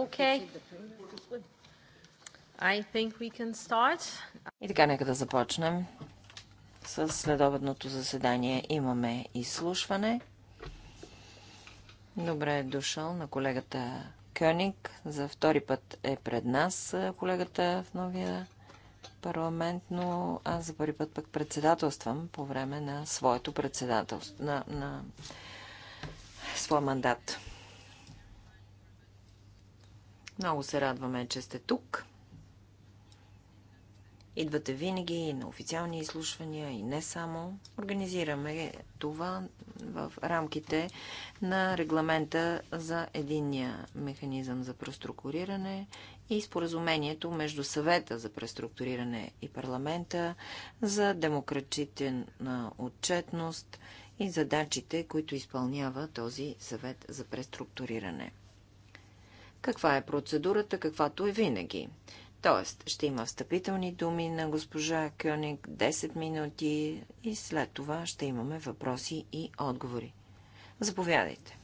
Okay. I think we can start. И така, нека да започнем. С следобедното заседание имаме изслушване. Добре е дошъл на колегата Кьоник. За втори път е пред нас колегата в новия парламент, но аз за първи път пък председателствам по време на своето председателство, на, на своя мандат. Много се радваме, че сте тук. Идвате винаги и на официални изслушвания, и не само. Организираме това в рамките на регламента за единния механизъм за преструктуриране и споразумението между съвета за преструктуриране и парламента за демократична отчетност и задачите, които изпълнява този съвет за преструктуриране каква е процедурата, каквато е винаги. Тоест, ще има встъпителни думи на госпожа Кьоник 10 минути и след това ще имаме въпроси и отговори. Заповядайте.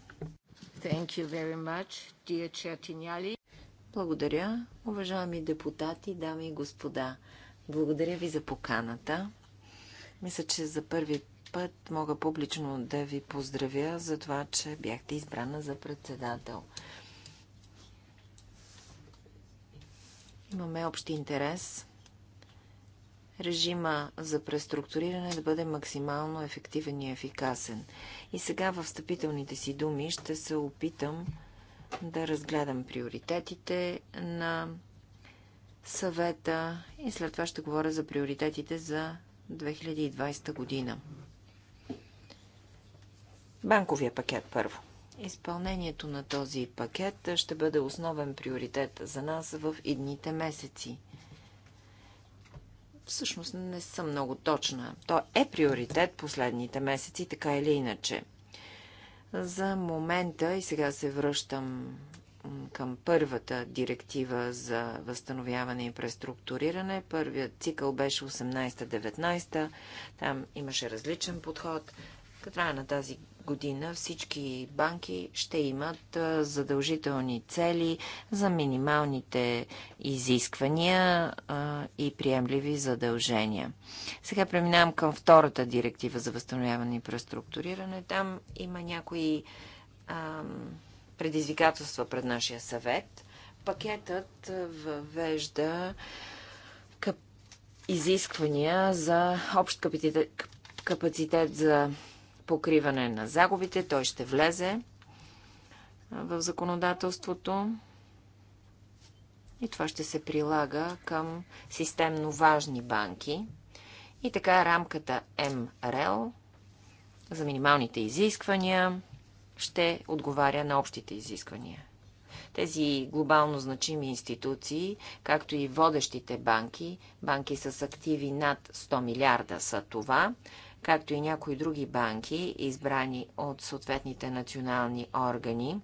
Thank you very much, dear Благодаря, уважаеми депутати, дами и господа. Благодаря ви за поканата. Мисля, че за първи път мога публично да ви поздравя за това, че бяхте избрана за председател. Имаме общ интерес режима за преструктуриране да бъде максимално ефективен и ефикасен. И сега в встъпителните си думи ще се опитам да разгледам приоритетите на съвета и след това ще говоря за приоритетите за 2020 година. Банковия пакет първо. Изпълнението на този пакет ще бъде основен приоритет за нас в идните месеци. Всъщност не съм много точна. То е приоритет последните месеци, така или иначе. За момента, и сега се връщам към първата директива за възстановяване и преструктуриране. Първият цикъл беше 18-19. Там имаше различен подход. Катрая на тази година всички банки ще имат задължителни цели за минималните изисквания и приемливи задължения. Сега преминавам към втората директива за възстановяване и преструктуриране. Там има някои предизвикателства пред нашия съвет. Пакетът въвежда изисквания за общ капацитет за покриване на загубите. Той ще влезе в законодателството и това ще се прилага към системно важни банки. И така рамката МРЛ за минималните изисквания ще отговаря на общите изисквания. Тези глобално значими институции, както и водещите банки, банки с активи над 100 милиарда са това, както и някои други банки, избрани от съответните национални органи,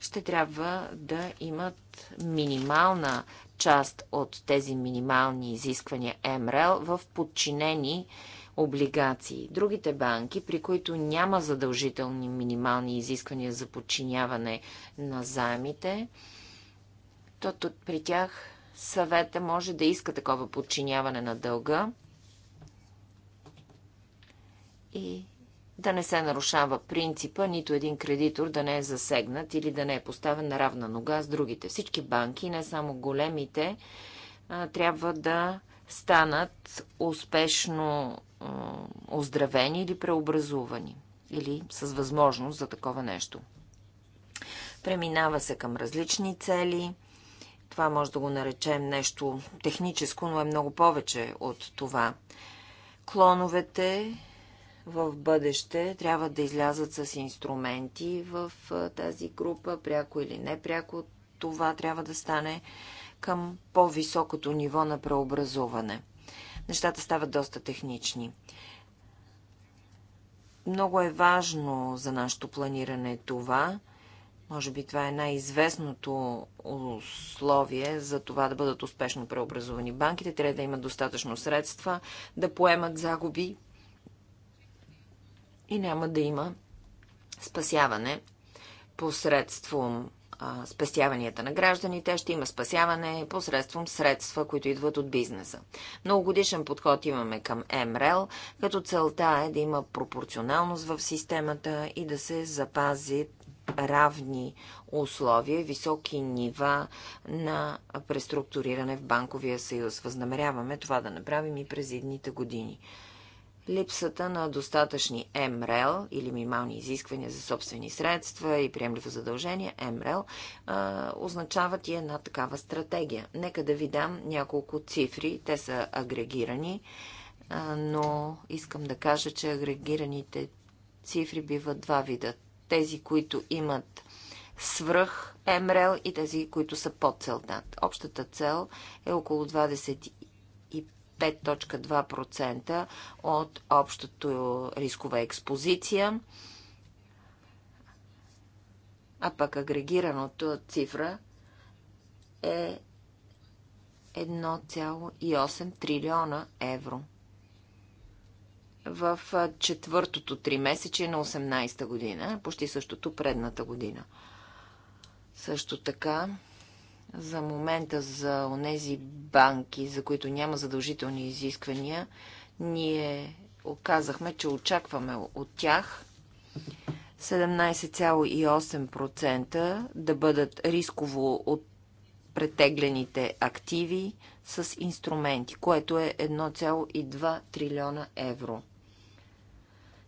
ще трябва да имат минимална част от тези минимални изисквания МРЛ в подчинени облигации. Другите банки, при които няма задължителни минимални изисквания за подчиняване на заемите, то при тях съвета може да иска такова подчиняване на дълга и да не се нарушава принципа, нито един кредитор да не е засегнат или да не е поставен на равна нога с другите. Всички банки, не само големите, трябва да станат успешно оздравени или преобразувани, или с възможност за такова нещо. Преминава се към различни цели. Това може да го наречем нещо техническо, но е много повече от това. Клоновете в бъдеще трябва да излязат с инструменти в тази група, пряко или непряко. Това трябва да стане към по-високото ниво на преобразуване. Нещата стават доста технични. Много е важно за нашето планиране това. Може би това е най-известното условие за това да бъдат успешно преобразовани. банките. Трябва да имат достатъчно средства да поемат загуби и няма да има спасяване посредством а, спестяванията на гражданите, ще има спасяване посредством средства, които идват от бизнеса. Многогодишен подход имаме към МРЕЛ, като целта е да има пропорционалност в системата и да се запази равни условия, високи нива на преструктуриране в Банковия съюз. Възнамеряваме това да направим и през едните години липсата на достатъчни МРЛ или минимални изисквания за собствени средства и приемливо задължение МРЛ означават и една такава стратегия. Нека да ви дам няколко цифри. Те са агрегирани, но искам да кажа, че агрегираните цифри биват два вида. Тези, които имат свръх МРЛ и тези, които са под целта. Общата цел е около 25 5.2% от общото рискова експозиция, а пък агрегираното цифра е 1,8 трилиона евро в четвъртото три месече на 18-та година, почти същото предната година. Също така за момента за онези банки, за които няма задължителни изисквания, ние оказахме, че очакваме от тях 17,8% да бъдат рисково от претеглените активи с инструменти, което е 1,2 трилиона евро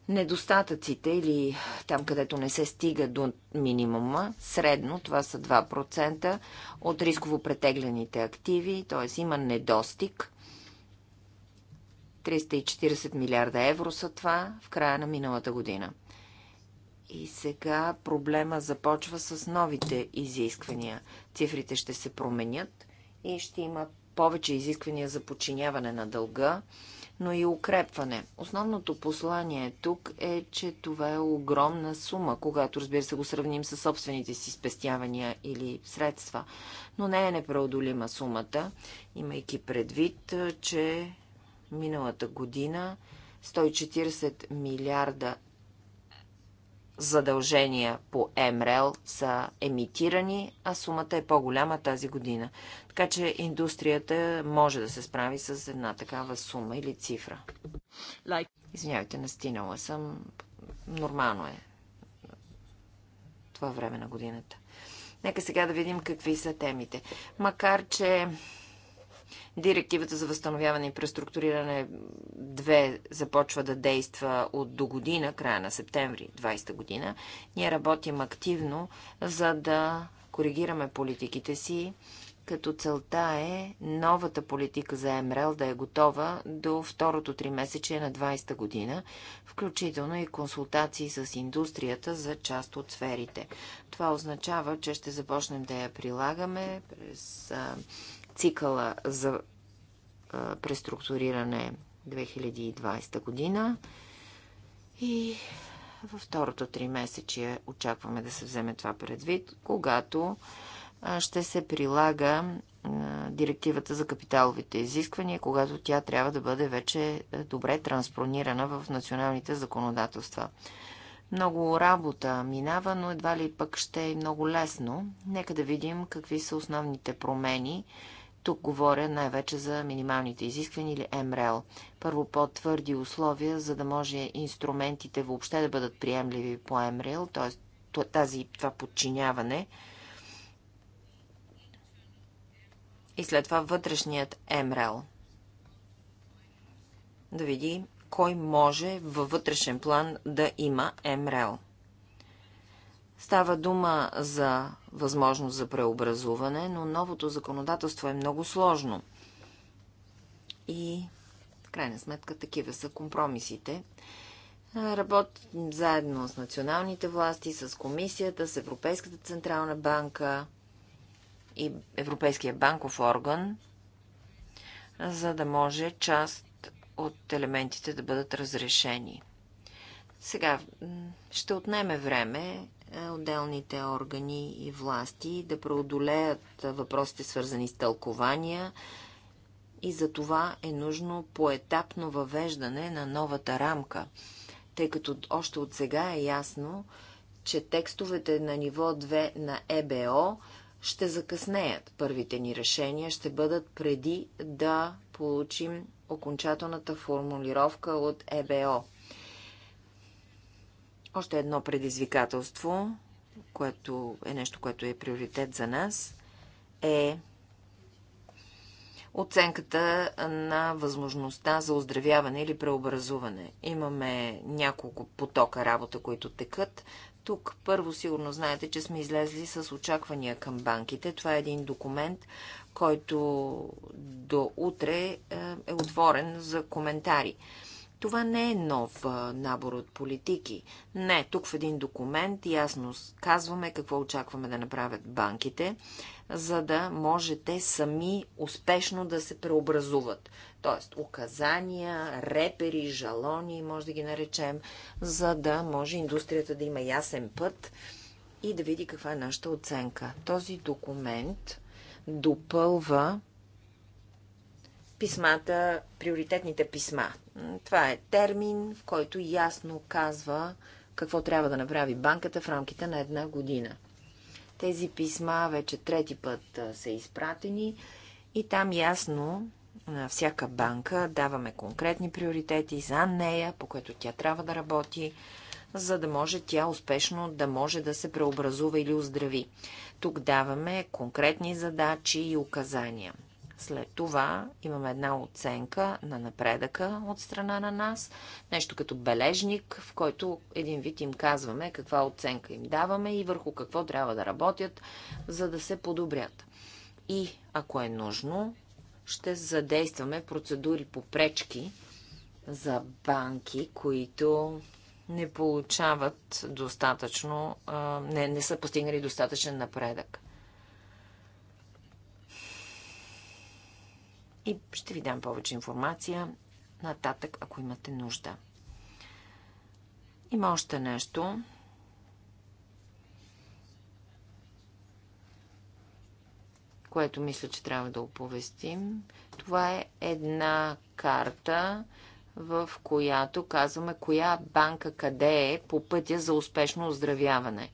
недостатъците или там, където не се стига до минимума, средно това са 2% от рисково претеглените активи, т.е. има недостиг. 340 милиарда евро са това в края на миналата година. И сега проблема започва с новите изисквания. Цифрите ще се променят и ще има повече изисквания за подчиняване на дълга но и укрепване. Основното послание тук е, че това е огромна сума, когато, разбира се, го сравним с собствените си спестявания или средства. Но не е непреодолима сумата, имайки предвид, че миналата година 140 милиарда задължения по МРЛ са емитирани, а сумата е по-голяма тази година. Така че индустрията може да се справи с една такава сума или цифра. Извинявайте, настинала съм. Нормално е това време на годината. Нека сега да видим какви са темите. Макар, че Директивата за възстановяване и преструктуриране 2 започва да действа от до година, края на септември 20 година. Ние работим активно, за да коригираме политиките си като целта е новата политика за МРЛ да е готова до второто три месече на 20-та година, включително и консултации с индустрията за част от сферите. Това означава, че ще започнем да я прилагаме през а, цикъла за а, преструктуриране 2020 година и във второто три месече очакваме да се вземе това предвид, когато ще се прилага директивата за капиталовите изисквания, когато тя трябва да бъде вече е, добре транспронирана в националните законодателства. Много работа минава, но едва ли пък ще е много лесно. Нека да видим какви са основните промени. Тук говоря най-вече за минималните изисквания или МРЛ. Първо по-твърди условия, за да може инструментите въобще да бъдат приемливи по МРЛ, т.е. Тази, това подчиняване и след това вътрешният МРЛ. Да види кой може във вътрешен план да има МРЛ. Става дума за възможност за преобразуване, но новото законодателство е много сложно. И в крайна сметка такива са компромисите. Работим заедно с националните власти, с комисията, с Европейската централна банка, и Европейския банков орган, за да може част от елементите да бъдат разрешени. Сега ще отнеме време е, отделните органи и власти да преодолеят е, въпросите свързани с тълкования и за това е нужно поетапно въвеждане на новата рамка, тъй като още от сега е ясно, че текстовете на ниво 2 на ЕБО – ще закъснеят. Първите ни решения ще бъдат преди да получим окончателната формулировка от ЕБО. Още едно предизвикателство, което е нещо, което е приоритет за нас, е оценката на възможността за оздравяване или преобразуване. Имаме няколко потока работа, които текат. Тук първо сигурно знаете, че сме излезли с очаквания към банките. Това е един документ, който до утре е, е отворен за коментари. Това не е нов набор от политики. Не, тук в един документ ясно казваме какво очакваме да направят банките, за да може те сами успешно да се преобразуват. Тоест, указания, репери, жалони, може да ги наречем, за да може индустрията да има ясен път и да види каква е нашата оценка. Този документ допълва писмата, приоритетните писма. Това е термин, в който ясно казва какво трябва да направи банката в рамките на една година. Тези писма вече трети път са изпратени и там ясно на всяка банка даваме конкретни приоритети за нея, по което тя трябва да работи, за да може тя успешно да може да се преобразува или оздрави. Тук даваме конкретни задачи и указания – след това имаме една оценка на напредъка от страна на нас, нещо като бележник, в който един вид им казваме каква оценка им даваме и върху какво трябва да работят, за да се подобрят. И ако е нужно, ще задействаме процедури по пречки за банки, които не получават достатъчно, не, не са постигнали достатъчен напредък. и ще ви дам повече информация нататък, ако имате нужда. Има още нещо. което мисля, че трябва да оповестим. Това е една карта, в която казваме коя банка къде е по пътя за успешно оздравяване.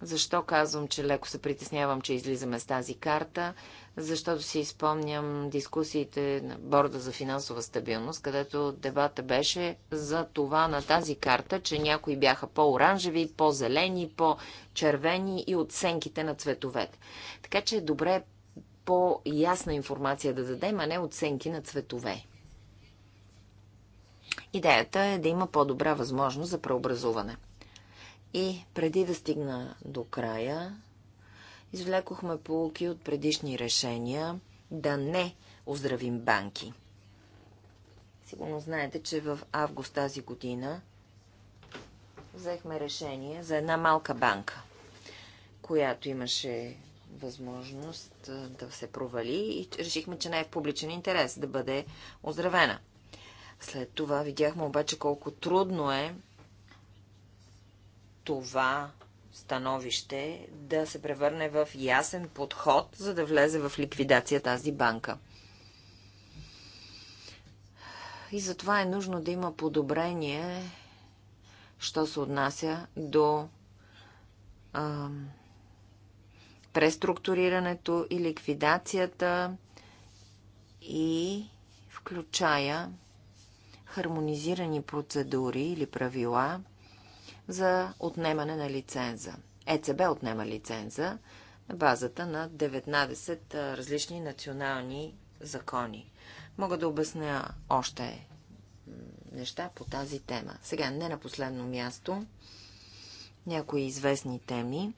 Защо казвам, че леко се притеснявам, че излизаме с тази карта? защото си изпомням дискусиите на Борда за финансова стабилност, където дебата беше за това на тази карта, че някои бяха по-оранжеви, по-зелени, по-червени и оценките на цветовете. Така че е добре по-ясна информация да дадем, а не оценки на цветове. Идеята е да има по-добра възможност за преобразуване. И преди да стигна до края, извлекохме полуки от предишни решения да не оздравим банки. Сигурно знаете, че в август тази година взехме решение за една малка банка, която имаше възможност да се провали и решихме, че не е в публичен интерес да бъде оздравена. След това видяхме обаче колко трудно е това становище да се превърне в ясен подход, за да влезе в ликвидация тази банка. И затова е нужно да има подобрение, що се отнася до а, преструктурирането и ликвидацията и включая хармонизирани процедури или правила – за отнемане на лиценза. ЕЦБ отнема лиценза на базата на 19 различни национални закони. Мога да обясня още неща по тази тема. Сега, не на последно място, някои известни теми.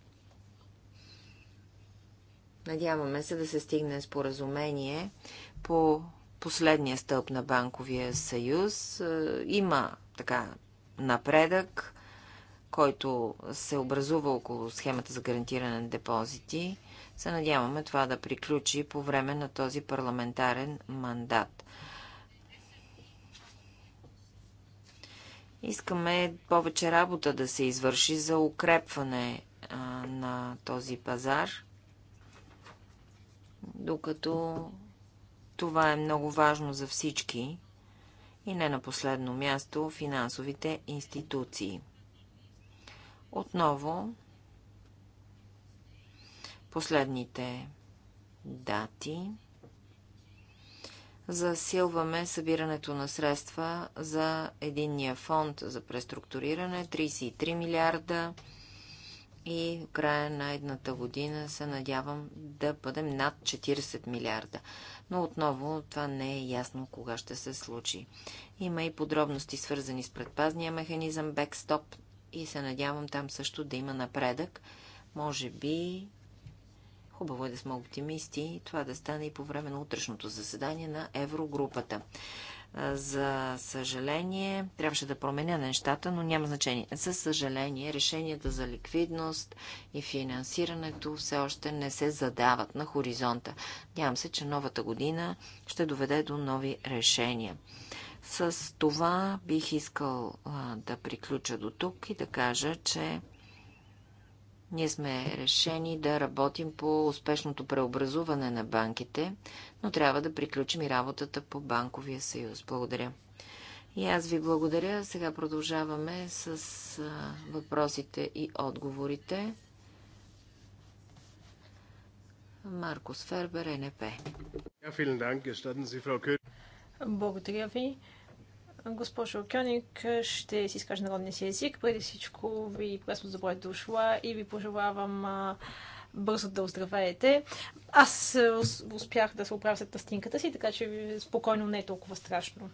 Надяваме се да се стигне споразумение по последния стълб на Банковия съюз. Има така напредък който се образува около схемата за гарантиране на депозити, се надяваме това да приключи по време на този парламентарен мандат. Искаме повече работа да се извърши за укрепване а, на този пазар, докато това е много важно за всички и не на последно място финансовите институции. Отново последните дати засилваме събирането на средства за единния фонд за преструктуриране 33 милиарда и в края на едната година се надявам да бъдем над 40 милиарда. Но отново това не е ясно кога ще се случи. Има и подробности свързани с предпазния механизъм, бекстоп и се надявам там също да има напредък. Може би Хубаво е да сме оптимисти и това да стане и по време на утрешното заседание на Еврогрупата. За съжаление, трябваше да променя нещата, но няма значение. За съжаление, решенията за ликвидност и финансирането все още не се задават на хоризонта. Надявам се, че новата година ще доведе до нови решения. С това бих искал а, да приключа до тук и да кажа, че ние сме решени да работим по успешното преобразуване на банките, но трябва да приключим и работата по Банковия съюз. Благодаря. И аз ви благодаря. Сега продължаваме с а, въпросите и отговорите. Маркус Фербер, НП. Благодаря ви. Госпожо Кьоник, ще си изкажа народния си език. Преди всичко ви пресно добре дошла и ви пожелавам бързо да оздравеете. Аз успях да се оправя след тъстинката си, така че спокойно не е толкова страшно.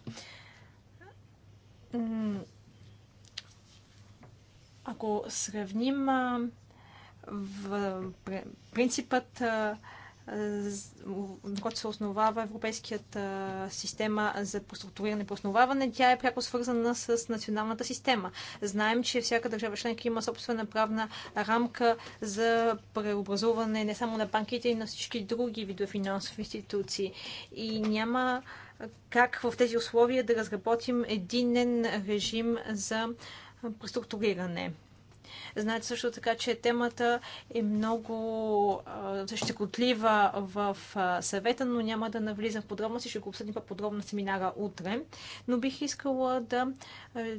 Ако сравним в принципът който се основава Европейският система за структуриране и основаване, тя е пряко свързана с националната система. Знаем, че всяка държава членка има собствена правна рамка за преобразуване не само на банките, и на всички други видове финансови институции. И няма как в тези условия да разработим единен режим за преструктуриране. Знаете също така, че темата е много щекотлива в съвета, но няма да навлизам в подробности. Ще го обсъдим по-подробно семинара утре. Но бих искала да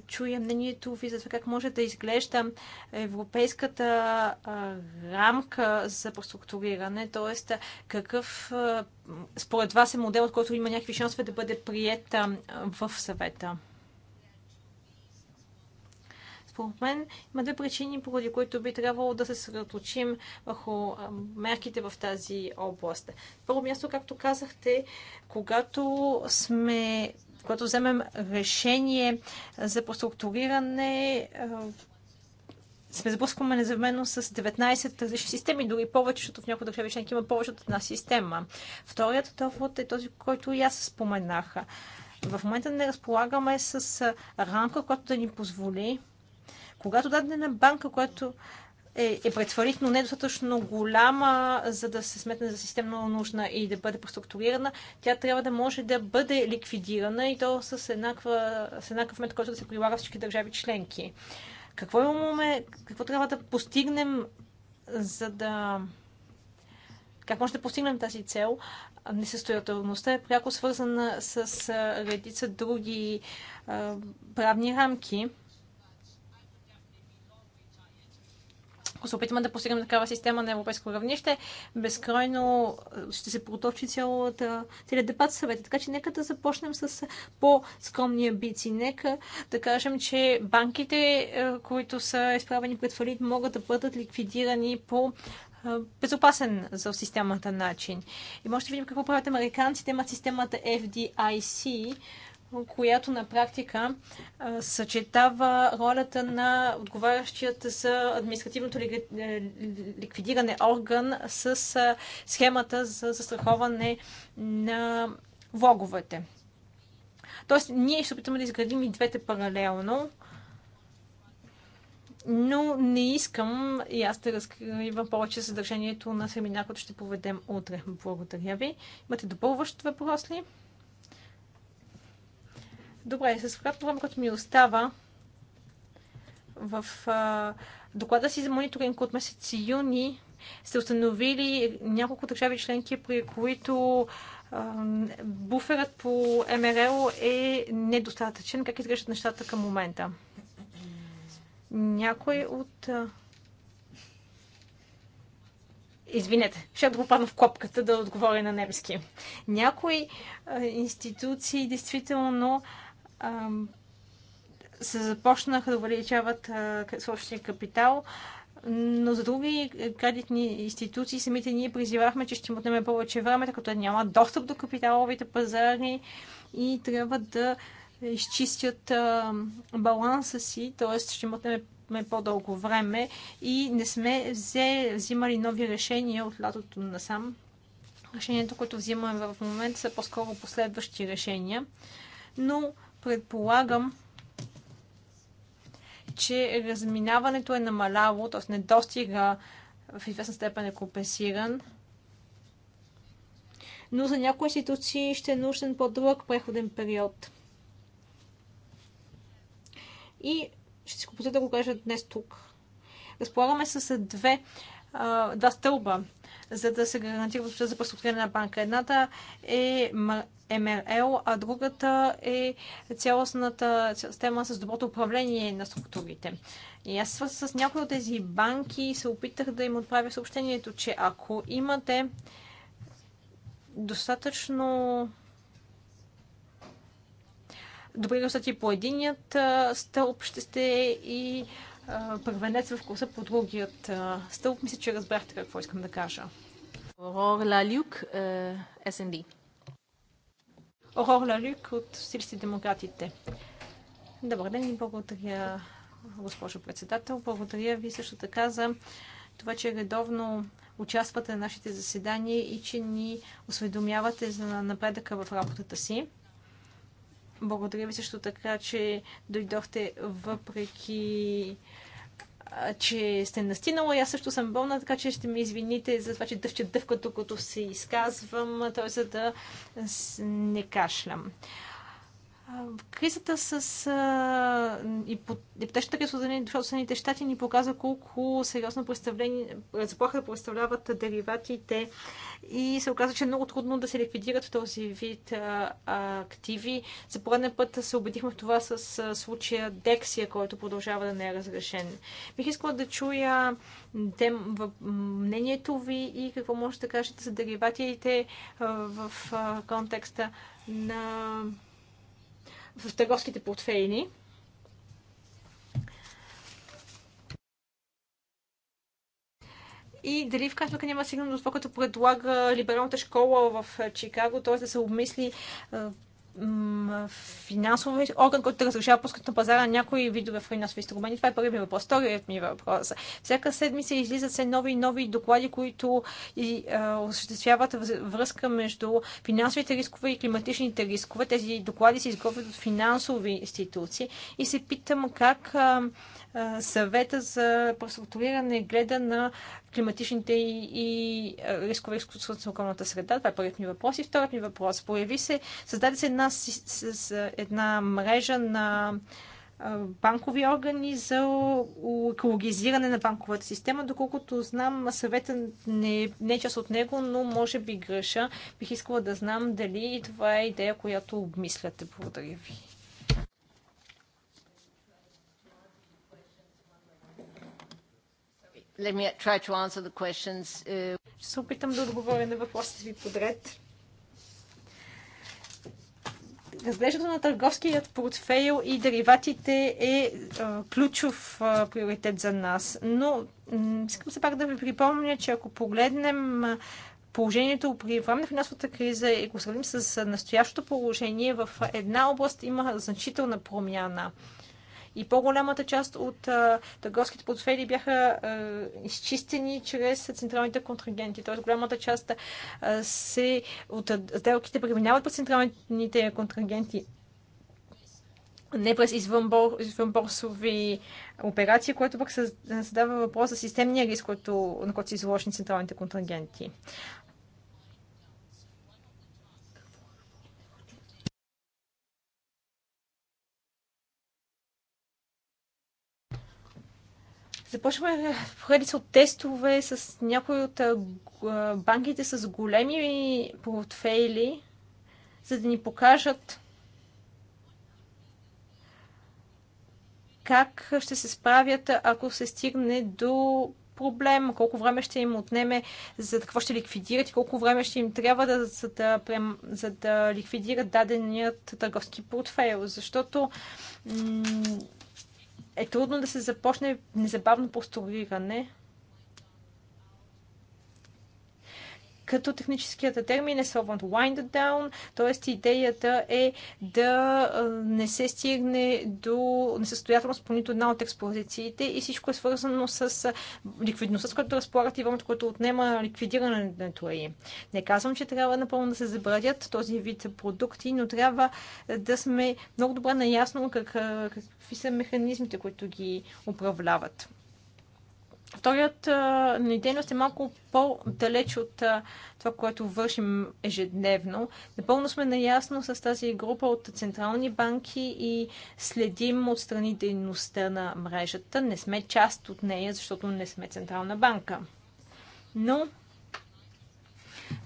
чуя мнението ви за това как може да изглежда европейската рамка за преструктуриране, т.е. какъв според вас е от който има някакви шансове да бъде прият в съвета? Според мен има две причини, поради които би трябвало да се съсредоточим върху мерките в тази област. Първо място, както казахте, когато сме когато вземем решение за проструктуриране, сме сблъскваме незавменно с 19 различни системи, дори повече, защото в някои държави членки има повече от една система. Вторият довод е този, който и аз споменах. В момента не разполагаме с рамка, която да ни позволи когато дадена банка, която е, е предфалит, но недостатъчно е голяма, за да се сметне за системно нужна и да бъде преструктурирана, тя трябва да може да бъде ликвидирана и то с, еднаква, с еднакъв метод, който да се прилага всички държави членки. Какво имаме, какво трябва да постигнем, за да как може да постигнем тази цел? Несъстоятелността е пряко свързана с редица други правни рамки. ако се опитаме да постигнем такава система на европейско равнище, безкрайно е, ще се проточи цялата, целият дебат съвет. Така че нека да започнем с по-скромни амбиции. Нека да кажем, че банките, е, които са изправени пред фалит, могат да бъдат ликвидирани по е, безопасен за системата начин. И може да видим какво правят американците. Имат системата FDIC, която на практика съчетава ролята на отговарящият за административното е, ликвидиране орган с схемата за застраховане на влоговете. Тоест, ние ще опитаме да изградим и двете паралелно, но не искам и аз да разкривам повече съдържанието на семинар, който ще поведем утре. Благодаря ви. Имате допълващ въпрос ли? Добре, с краткото време, което ми остава, в а, доклада си за мониторинг от месец юни сте установили няколко държави членки, при които а, буферът по МРЛ е недостатъчен. Как изглеждат нещата към момента? Някой от... А... Извинете, ще да попадна в копката да отговоря на немски. Някои а, институции действително а, се започнаха да увеличават собствения капитал, но за други кредитни институции самите ние призивахме, че ще им отнеме повече време, тъй като няма достъп до капиталовите пазари и трябва да изчистят баланса си, т.е. ще им отнеме по-дълго време и не сме взе, взимали нови решения от лятото насам. Решението, което взимаме в момента, са по-скоро последващи решения. Но Предполагам, че разминаването е намаляло, т.е. недостига в известна степен е компенсиран. Но за някои институции ще е нужен по-дълъг преходен период. И ще си позволя да го кажа днес тук. Разполагаме с две, два стълба за да се гарантира възможността за преструктуриране на банка. Едната е МРЛ, а другата е цялостната система с доброто управление на структурите. И аз с някои от тези банки и се опитах да им отправя съобщението, че ако имате достатъчно добри резултати по единият стълб ще сте и първенец в курса по другият стълб. Мисля, че разбрахте какво искам да кажа. Орор Лалюк, СНД. Орор Лалюк от Силисти демократите. Добър ден и благодаря, госпожо председател. Благодаря ви също така за това, че редовно участвате на нашите заседания и че ни осведомявате за напредъка в работата си. Благодаря ви също така, че дойдохте въпреки че сте настинала. Аз също съм болна, така че ще ми извините за това, че дъвча дъвка, докато се изказвам, т.е. за да не кашлям. Кризата с а, ипотечната криза в Съединените щати ни показва колко сериозно заплаха да представляват дериватите и се оказа, че е много трудно да се ликвидират в този вид а, активи. За пореден път се убедихме в това с а, случая Дексия, който продължава да не е разрешен. Бих искала да чуя тем, в, мнението ви и какво можете да кажете за деривативите в а, контекста на в търговските портфейни. и дали в крайна сметка няма сигнал до това, което предлага либералната школа в Чикаго, т.е. да се обмисли финансови орган, който разрешава пускат на пазара някои видове финансови инструменти. Това е първият ми въпрос. Вторият ми въпрос. Всяка седмица излизат се нови и нови доклади, които и, а, осъществяват връзка между финансовите рискове и климатичните рискове. Тези доклади се изготвят от финансови институции и се питам как а, съвета за преструктуриране гледа на климатичните и, и рискове с околната среда? Това е първият ми въпрос. И вторият ми въпрос. Появи се, създаде се една, с, с, с, една мрежа на банкови органи за екологизиране на банковата система. Доколкото знам, съвета не, не е част от него, но може би греша. Бих искала да знам дали това е идея, която обмисляте. Благодаря ви. Let me try to answer the questions. Uh, Ще се опитам да отговоря на въпросите ви подред. Разглеждането на търговският портфейл и дериватите е, е ключов е, приоритет за нас. Но искам се пак да ви припомня, че ако погледнем е, положението при време на финансовата криза и го сравним с настоящото положение, в една област има значителна промяна – и по-голямата част от а, търговските портфели бяха а, изчистени чрез централните контрагенти. Тоест голямата част а, се, от сделките преминават по централните контрагенти, не през извънборсови операции, което пък създава въпрос за системния риск, който, на който са изложени централните контрагенти. Започваме поредица от тестове с някои от банките с големи портфейли, за да ни покажат как ще се справят, ако се стигне до проблем, колко време ще им отнеме, за какво ще ликвидират и колко време ще им трябва да, за, да, за да ликвидират даденият търговски портфейл. Защото е трудно да се започне незабавно постулиране, като техническият термин е Solvent Wind Down, т.е. идеята е да не се стигне до несъстоятелност по нито една от експозициите и всичко е свързано с ликвидността, с която разполагат и времето, което отнема ликвидирането е. Не казвам, че трябва напълно да се забравят този вид продукти, но трябва да сме много добре наясно как, какви са механизмите, които ги управляват. Вторият ни дейност е малко по-далеч от а, това, което вършим ежедневно. Напълно сме наясно с тази група от централни банки и следим отстрани дейността на мрежата. Не сме част от нея, защото не сме централна банка. Но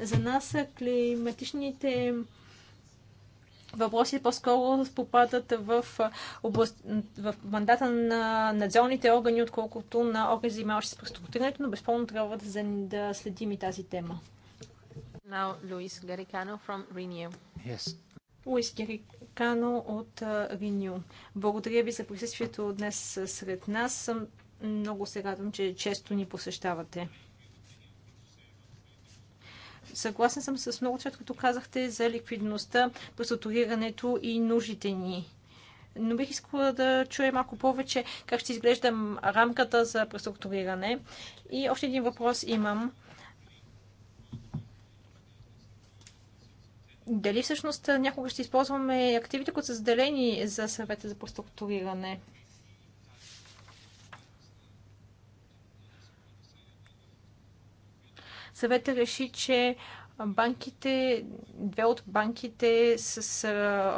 за нас климатичните въпроси по-скоро попадат в, област, в мандата на надзорните органи, отколкото на органи, занимаващи се с преструктурирането, но безпълно трябва да, да следим и тази тема. Now, Luis Garicano from Renew. Yes. Луис Герикано от Renew. Благодаря ви за присъствието днес сред нас. Много се радвам, че често ни посещавате. Съгласен съм с много от като казахте за ликвидността, преструктурирането и нуждите ни. Но бих искала да чуя малко повече как ще изглежда рамката за преструктуриране. И още един въпрос имам. Дали всъщност някога ще използваме активите, които са заделени за съвета за преструктуриране? съвета реши, че банките, две от банките с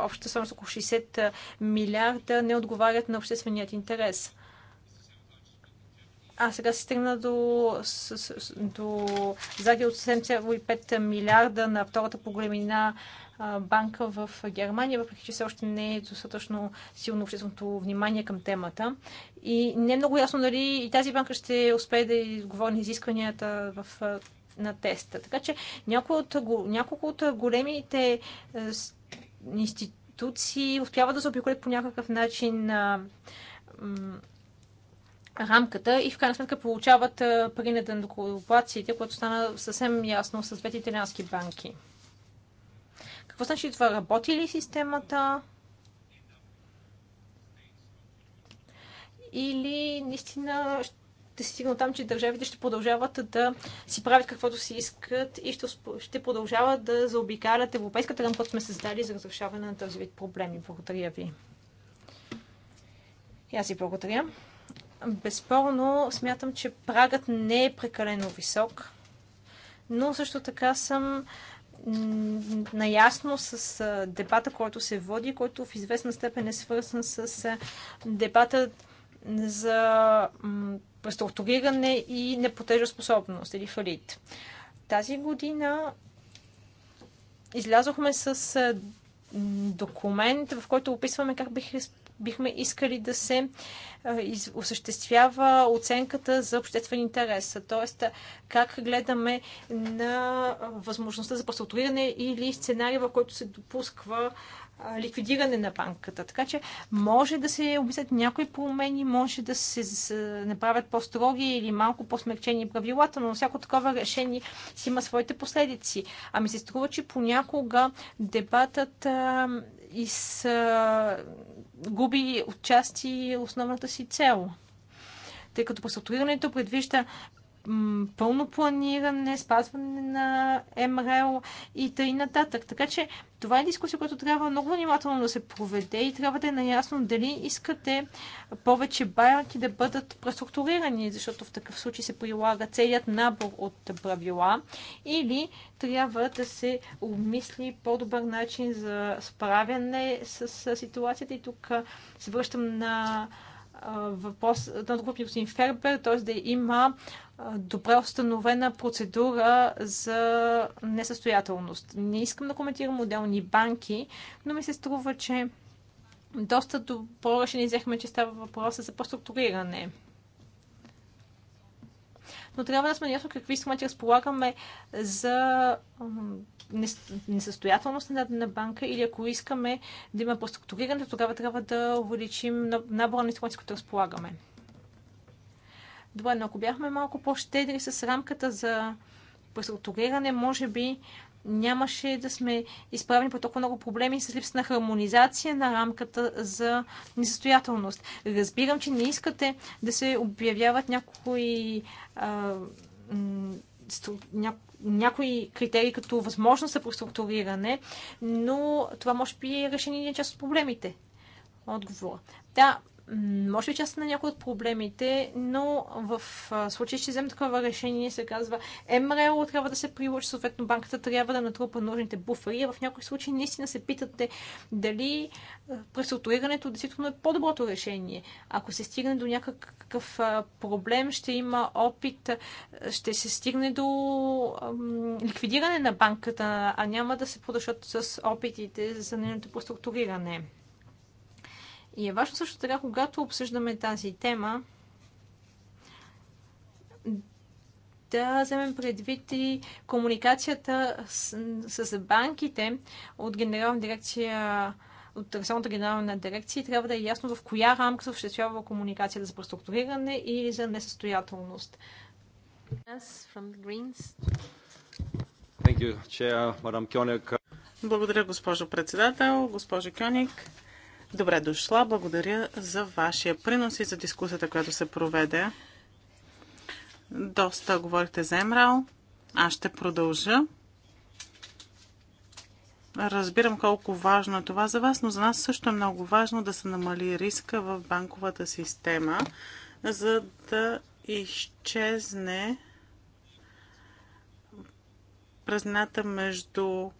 обща стойност около 60 милиарда не отговарят на общественият интерес. А сега се стигна до, с, с, до заради от 7,5 милиарда на втората по големина банка в Германия, въпреки че все още не е достатъчно силно общественото внимание към темата. И не е много ясно дали и тази банка ще успее да изговори на изискванията в на теста. Така че няколко от, няколко от големите е, институции успяват да се обиколят по някакъв начин а, рамката и в крайна сметка получават е, принеда на корпорациите, което стана съвсем ясно с двете италиански банки. Какво значи това? Работи ли системата? Или наистина ще стигна там, че държавите ще продължават да си правят каквото си искат и ще, ще продължават да заобикалят европейската рамка, която сме създали за разрешаване на този вид проблеми. Благодаря ви. И аз си благодаря. Безспорно смятам, че прагът не е прекалено висок, но също така съм наясно с дебата, който се води, който в известна степен е свързан с дебата за преструктуриране и неплатежоспособност или фалит. Тази година излязохме с документ, в който описваме как бих, бихме искали да се осъществява оценката за обществен интерес, т.е. как гледаме на възможността за преструктуриране или сценария, в който се допусква ликвидиране на банката. Така че може да се обмислят някои промени, може да се направят по-строги или малко по-смекчени правилата, но всяко такова решение си има своите последици. А ми се струва, че понякога дебатът а, из, а, губи отчасти основната си цел. Тъй като преструктурирането предвижда пълно планиране, спазване на МРЛ и тъй нататък. Така че това е дискусия, която трябва много внимателно да се проведе и трябва да е наясно дали искате повече байерки да бъдат преструктурирани, защото в такъв случай се прилага целият набор от правила или трябва да се обмисли по-добър начин за справяне с ситуацията и тук се връщам на въпрос на друг господин Фербер, т.е. да има добре установена процедура за несъстоятелност. Не искам да коментирам отделни банки, но ми се струва, че доста добро решение взехме, че става въпроса за по-структуриране. Но трябва да сме ясно какви инструменти разполагаме за несъстоятелност на дадена банка или ако искаме да има преструктуриране, тогава трябва да увеличим набора на инструменти, които разполагаме. Добре, но ако бяхме малко по-щедри с рамката за преструктуриране, може би нямаше да сме изправени по толкова много проблеми с липса на хармонизация на рамката за несъстоятелност. Разбирам, че не искате да се обявяват някои а, някои някои критерии като възможност за преструктуриране, но това може би е решение на част от проблемите. Отговора. Да, може би част на някои от проблемите, но в случай, че вземем такова решение, се казва МРЛ трябва да се приложи, съответно банката трябва да натрупа нужните буфери. в някои случаи наистина се питате дали преструктурирането действително е по-доброто решение. Ако се стигне до някакъв проблем, ще има опит, ще се стигне до ликвидиране на банката, а няма да се продължат с опитите за нейното преструктуриране. И е важно също така, когато обсъждаме тази тема, да вземем предвид и комуникацията с, с банките от Генерална дирекция от Ресорната генерална дирекция и трябва да е ясно в коя рамка се осъществява комуникацията за преструктуриране и за несъстоятелност. Благодаря, госпожо председател, госпожо Кьоник. Добре дошла, благодаря за вашия принос и за дискусията, която се проведе. Доста говорихте за Емрал. Аз ще продължа. Разбирам колко важно е това за вас, но за нас също е много важно да се намали риска в банковата система, за да изчезне празната между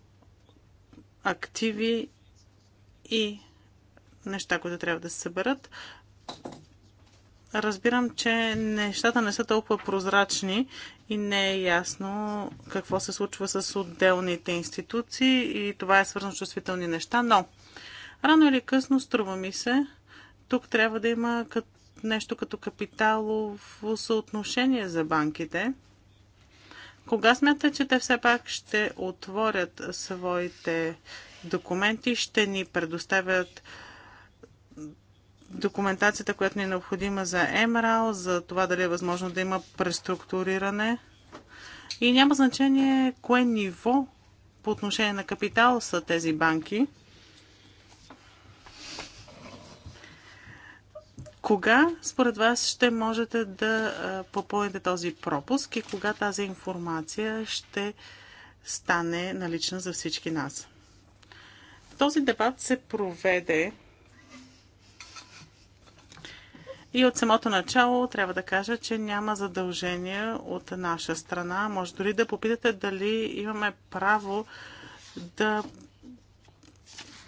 активи и неща, които трябва да се съберат. Разбирам, че нещата не са толкова прозрачни и не е ясно какво се случва с отделните институции и това е свързано с чувствителни неща, но рано или късно, струва ми се, тук трябва да има нещо като капиталово съотношение за банките. Кога смятате, че те все пак ще отворят своите документи, ще ни предоставят документацията, която ни е необходима за МРАО, за това дали е възможно да има преструктуриране. И няма значение кое ниво по отношение на капитал са тези банки. Кога, според вас, ще можете да попълните този пропуск и кога тази информация ще стане налична за всички нас? Този дебат се проведе И от самото начало трябва да кажа, че няма задължения от наша страна. Може дори да попитате дали имаме право да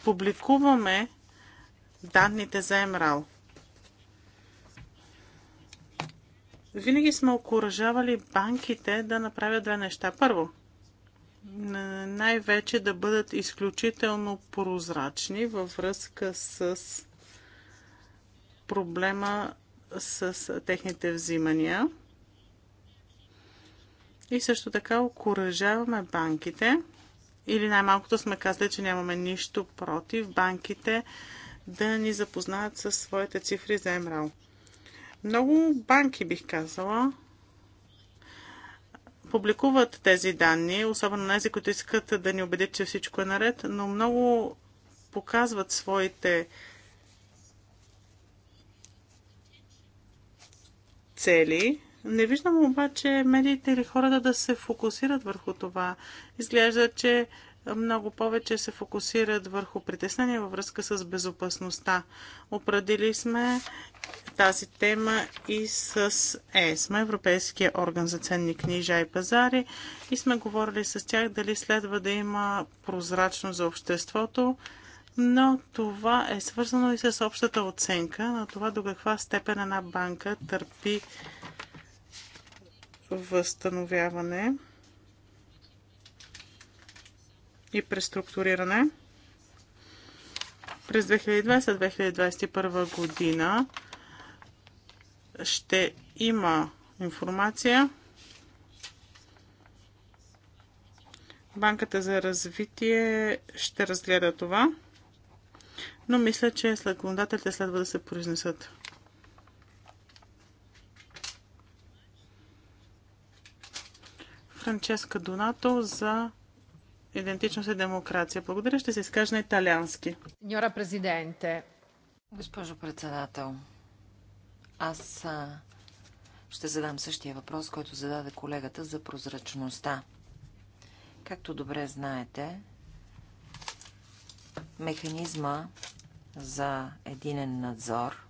публикуваме данните за Емрал. Винаги сме окоръжавали банките да направят две неща. Първо, най-вече да бъдат изключително прозрачни във връзка с проблема с техните взимания. И също така окоръжаваме банките, или най-малкото сме казали, че нямаме нищо против банките да ни запознаят със своите цифри за МРАО. Много банки, бих казала, публикуват тези данни, особено тези, които искат да ни убедят, че всичко е наред, но много показват своите цели. Не виждам обаче медиите или хората да се фокусират върху това. Изглежда, че много повече се фокусират върху притеснения във връзка с безопасността. Определи сме тази тема и с ЕСМА, Европейския орган за ценни книжа и пазари, и сме говорили с тях дали следва да има прозрачно за обществото но това е свързано и с общата оценка на това до каква степен една банка търпи възстановяване и преструктуриране. През 2020-2021 година ще има информация. Банката за развитие ще разгледа това но мисля, че след законодателите следва да се произнесат. Франческа Донато за идентичност и демокрация. Благодаря, ще се изкажа на италиански. Сеньора президенте, госпожо председател, аз ще задам същия въпрос, който зададе колегата за прозрачността. Както добре знаете, механизма за единен надзор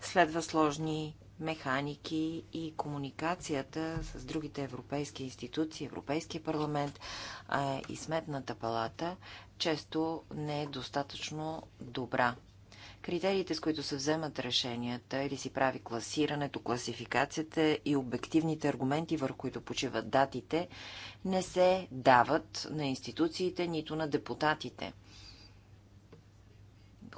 следва сложни механики и комуникацията с другите европейски институции, Европейския парламент а и Сметната палата често не е достатъчно добра. Критериите, с които се вземат решенията или си прави класирането, класификацията и обективните аргументи, върху които почиват датите, не се дават на институциите, нито на депутатите –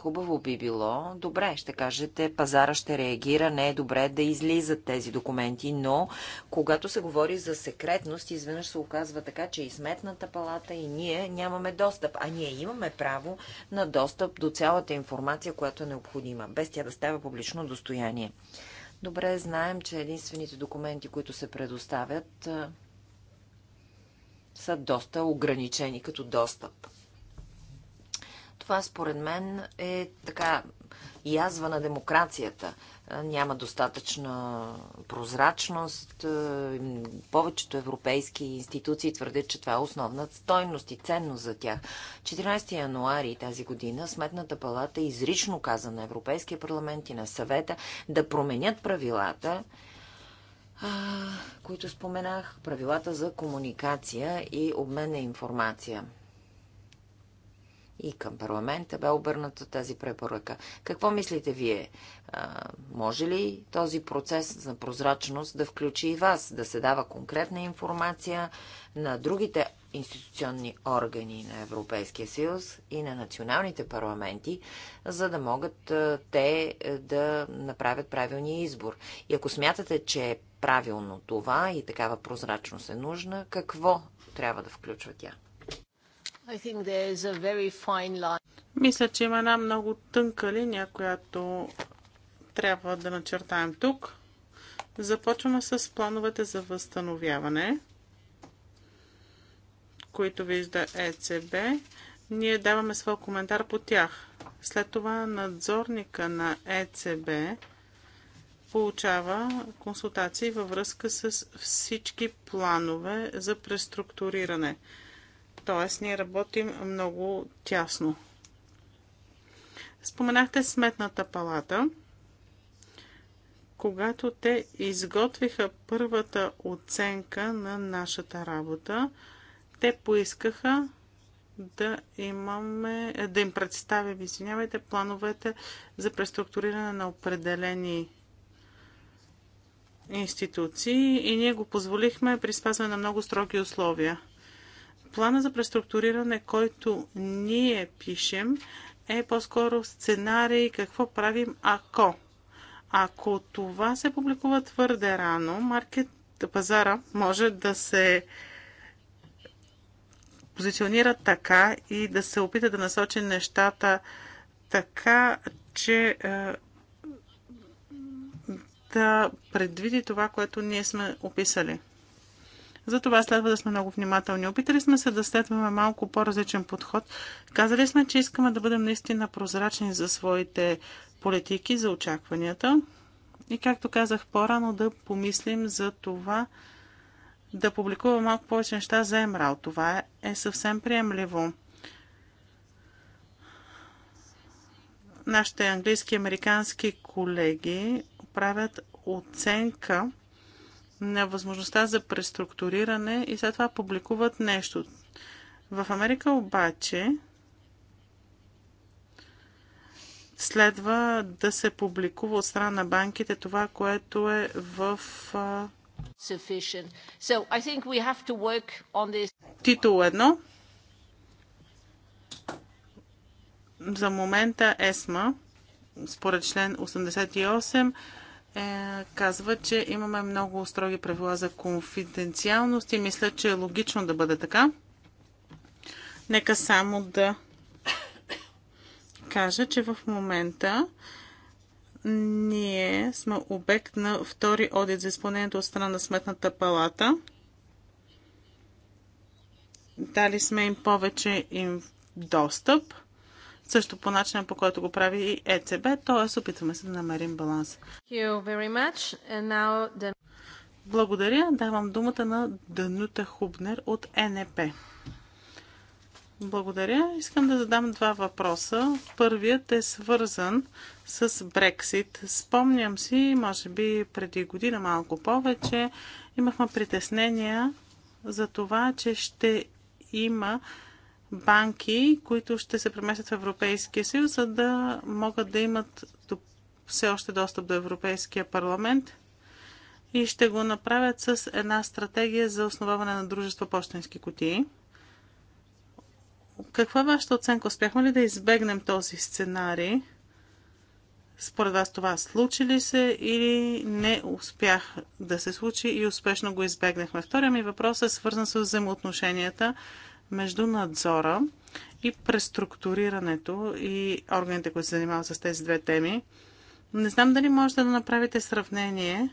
Хубаво би било. Добре, ще кажете, пазара ще реагира, не е добре да излизат тези документи, но когато се говори за секретност, изведнъж се оказва така, че и сметната палата, и ние нямаме достъп. А ние имаме право на достъп до цялата информация, която е необходима, без тя да става публично достояние. Добре, знаем, че единствените документи, които се предоставят, са доста ограничени като достъп. Това според мен е така язва на демокрацията. Няма достатъчна прозрачност. Повечето европейски институции твърдят, че това е основна стойност и ценност за тях. 14 януари тази година Сметната палата изрично каза на Европейския парламент и на съвета да променят правилата, които споменах, правилата за комуникация и обмен на информация и към парламента бе обърната тази препоръка. Какво мислите вие? А, може ли този процес на прозрачност да включи и вас, да се дава конкретна информация на другите институционни органи на Европейския съюз и на националните парламенти, за да могат те е, да направят правилния избор. И ако смятате, че е правилно това и такава прозрачност е нужна, какво трябва да включва тя? Мисля, че има една много тънка линия, която трябва да начертаем тук. Започваме с плановете за възстановяване, които вижда ЕЦБ. Ние даваме своя коментар по тях. След това надзорника на ЕЦБ получава консултации във връзка с всички планове за преструктуриране т.е. ние работим много тясно. Споменахте Сметната палата. Когато те изготвиха първата оценка на нашата работа, те поискаха да имаме, да им представим, извинявайте, плановете за преструктуриране на определени институции и ние го позволихме при спазване на много строги условия. Плана за преструктуриране, който ние пишем, е по-скоро сценарий какво правим ако. Ако това се публикува твърде рано, маркет, пазара може да се позиционира така и да се опита да насочи нещата така, че е, да предвиди това, което ние сме описали. Затова следва да сме много внимателни. Опитали сме се да следваме малко по-различен подход. Казали сме, че искаме да бъдем наистина прозрачни за своите политики, за очакванията. И както казах по-рано, да помислим за това да публикуваме малко повече неща за Емрал. Това е съвсем приемливо. Нашите английски и американски колеги правят оценка на възможността за преструктуриране и след това публикуват нещо. В Америка обаче следва да се публикува от страна на банките това, което е в титул 1. За момента ЕСМА, според член 88, е, казва, че имаме много строги правила за конфиденциалност и мисля, че е логично да бъде така. Нека само да кажа, че в момента ние сме обект на втори одит за изпълнението от страна на Сметната палата. Дали сме им повече им достъп също по начина по който го прави и ЕЦБ, т.е. опитваме се да намерим баланс. Благодаря. Давам думата на Данута Хубнер от е НЕП. Благодаря. Искам да задам два въпроса. Първият е свързан с Брексит. Спомням си, може би преди година малко повече, имахме притеснения за това, че ще има банки, които ще се преместят в Европейския съюз, за да могат да имат все още достъп до Европейския парламент и ще го направят с една стратегия за основаване на дружества почтенски кутии. Каква е вашата оценка? Успяхме ли да избегнем този сценарий? Според вас това случи ли се или не успях да се случи и успешно го избегнахме? Втория ми въпрос е свързан с взаимоотношенията между надзора и преструктурирането и органите, които се занимават с тези две теми. Не знам дали можете да направите сравнение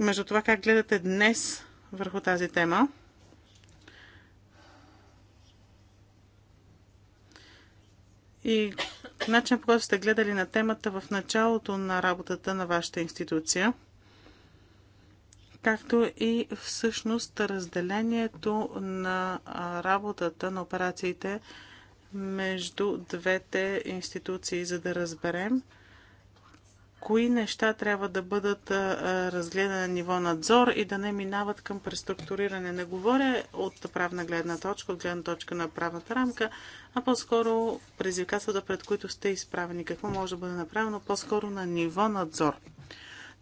между това как гледате днес върху тази тема. И начинът по който сте гледали на темата в началото на работата на вашата институция – както и всъщност разделението на работата на операциите между двете институции, за да разберем кои неща трябва да бъдат разгледани на ниво надзор и да не минават към преструктуриране. Не говоря от правна гледна точка, от гледна точка на правната рамка, а по-скоро предизвикателствата, пред които сте изправени. Какво може да бъде направено по-скоро на ниво надзор?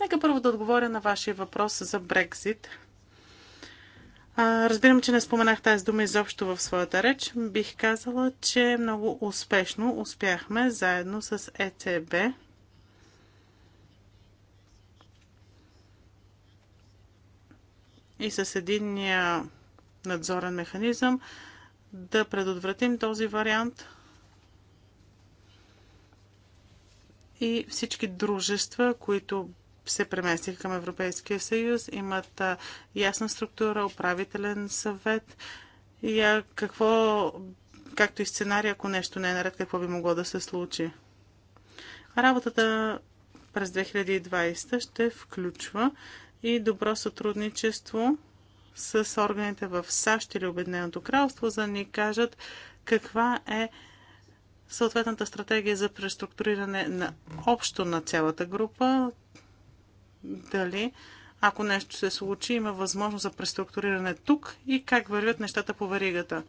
Нека първо да отговоря на вашия въпрос за Брекзит. Разбирам, че не споменах тази дума изобщо в своята реч. Бих казала, че много успешно успяхме заедно с ЕЦБ и с единния надзорен механизъм да предотвратим този вариант и всички дружества, които се преместиха към Европейския съюз, имат а, ясна структура, управителен съвет. И а, какво, както и сценария, ако нещо не е наред, какво би могло да се случи. Работата през 2020 ще включва и добро сътрудничество с органите в САЩ или Обединеното кралство, за да ни кажат каква е съответната стратегия за преструктуриране на общо на цялата група, дали ако нещо се случи, има възможност за преструктуриране тук и как вървят нещата по варигата.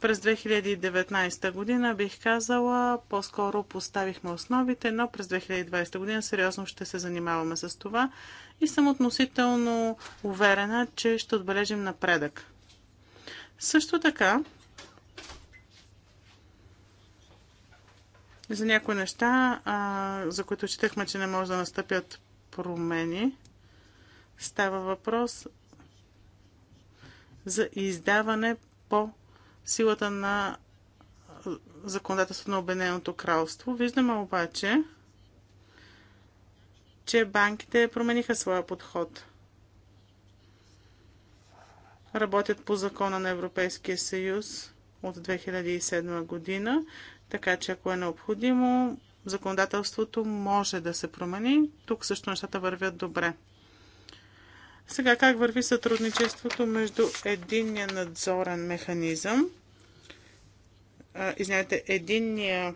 През 2019 година бих казала, по-скоро поставихме основите, но през 2020 година сериозно ще се занимаваме с това и съм относително уверена, че ще отбележим напредък. Също така, за някои неща, за които четахме, че не може да настъпят промени. Става въпрос за издаване по силата на законодателството на Обединеното кралство. Виждаме обаче, че банките промениха своя подход. Работят по закона на Европейския съюз от 2007 година, така че ако е необходимо, законодателството може да се промени. Тук също нещата вървят добре. Сега как върви сътрудничеството между единния надзорен механизъм, извинете, единния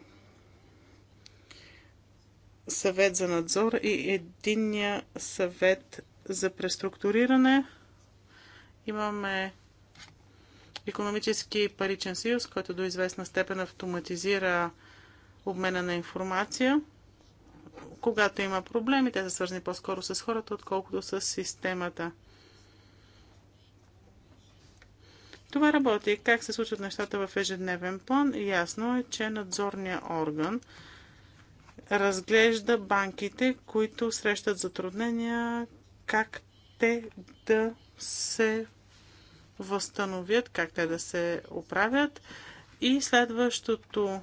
съвет за надзор и единния съвет за преструктуриране. Имаме економически паричен съюз, който до известна степен автоматизира обмена на информация. Когато има проблеми, те са свързани по-скоро с хората, отколкото с системата. Това работи. Как се случват нещата в ежедневен план? Ясно е, че надзорният орган разглежда банките, които срещат затруднения, как те да се възстановят, как те да се оправят. И следващото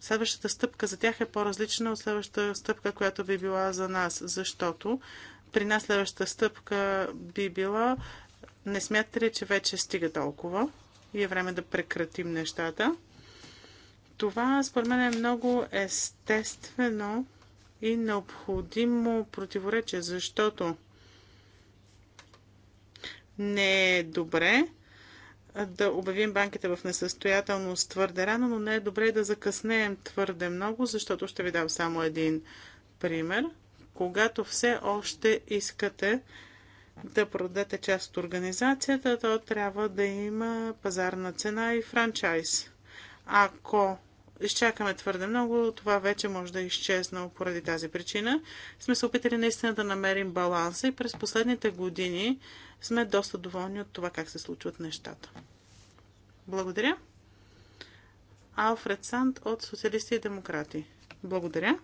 следващата стъпка за тях е по-различна от следващата стъпка, която би била за нас. Защото при нас следващата стъпка би била не смятате ли, че вече стига толкова и е време да прекратим нещата? Това според мен е много естествено и необходимо противоречие, защото не е добре да обявим банките в несъстоятелност твърде рано, но не е добре да закъснеем твърде много, защото ще ви дам само един пример. Когато все още искате да продадете част от организацията, то трябва да има пазарна цена и франчайз. Ако изчакаме твърде много, това вече може да е изчезнало поради тази причина. Сме се опитали наистина да намерим баланса и през последните години сме доста доволни от това как се случват нещата. Благодаря. Алфред Санд от Социалисти и Демократи. Благодаря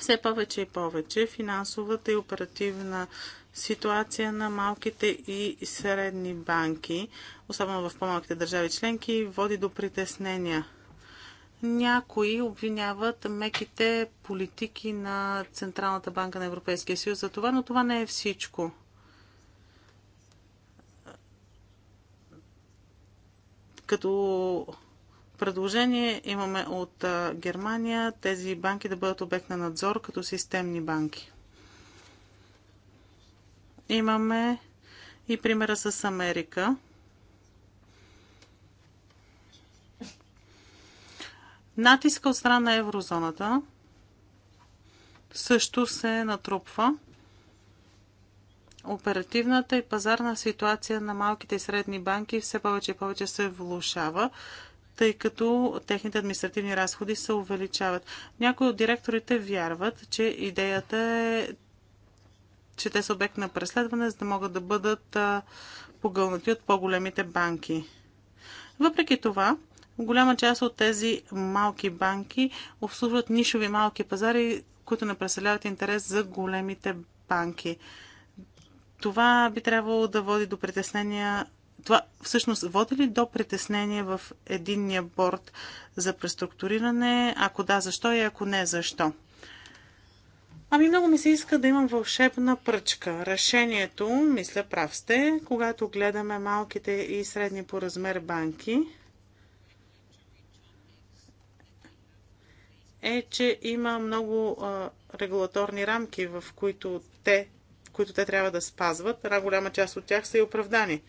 все повече и повече финансовата и оперативна ситуация на малките и средни банки, особено в по-малките държави членки, води до притеснения. Някои обвиняват меките политики на Централната банка на Европейския съюз за това, но това не е всичко. Като Предложение имаме от Германия тези банки да бъдат обект на надзор като системни банки. Имаме и примера с Америка. Натиска от страна на еврозоната също се натрупва. Оперативната и пазарна ситуация на малките и средни банки все повече и повече се влушава тъй като техните административни разходи се увеличават. Някои от директорите вярват, че идеята е, че те са обект на преследване, за да могат да бъдат погълнати от по-големите банки. Въпреки това, голяма част от тези малки банки обслужват нишови малки пазари, които не представляват интерес за големите банки. Това би трябвало да води до притеснения това всъщност води ли до притеснение в единния борт за преструктуриране? Ако да, защо и ако не, защо? Ами много ми се иска да имам вълшебна пръчка. Решението, мисля, прав сте, когато гледаме малките и средни по размер банки, е, че има много а, регулаторни рамки, в които те, които те трябва да спазват. Една голяма част от тях са и оправдани.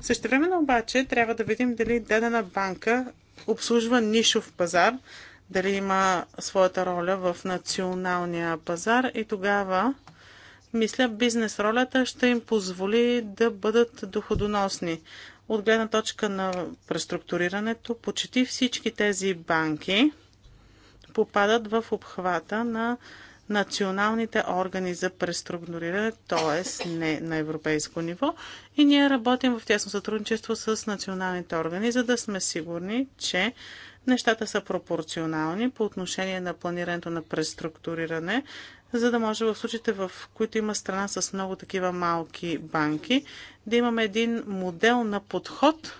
Също време, обаче трябва да видим дали дадена банка обслужва нишов пазар, дали има своята роля в националния пазар и тогава мисля, бизнес ролята ще им позволи да бъдат доходоносни. От гледна точка на преструктурирането, почти всички тези банки попадат в обхвата на националните органи за преструктуриране, т.е. не на европейско ниво. И ние работим в тясно сътрудничество с националните органи, за да сме сигурни, че нещата са пропорционални по отношение на планирането на преструктуриране, за да може в случаите, в които има страна с много такива малки банки, да имаме един модел на подход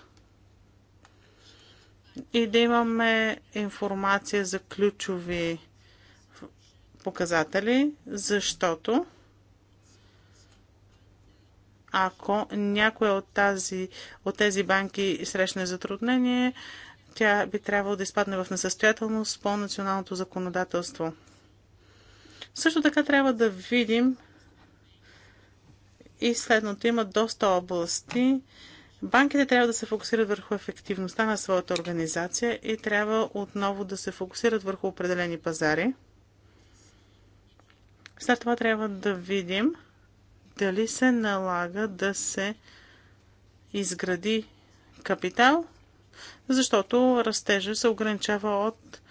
и да имаме информация за ключови показатели, защото ако някоя от, тази, от тези банки срещне затруднение, тя би трябвало да изпадне в несъстоятелност по националното законодателство. Също така трябва да видим и следното. Има доста области. Банките трябва да се фокусират върху ефективността на своята организация и трябва отново да се фокусират върху определени пазари – след това трябва да видим дали се налага да се изгради капитал, защото растежа се ограничава от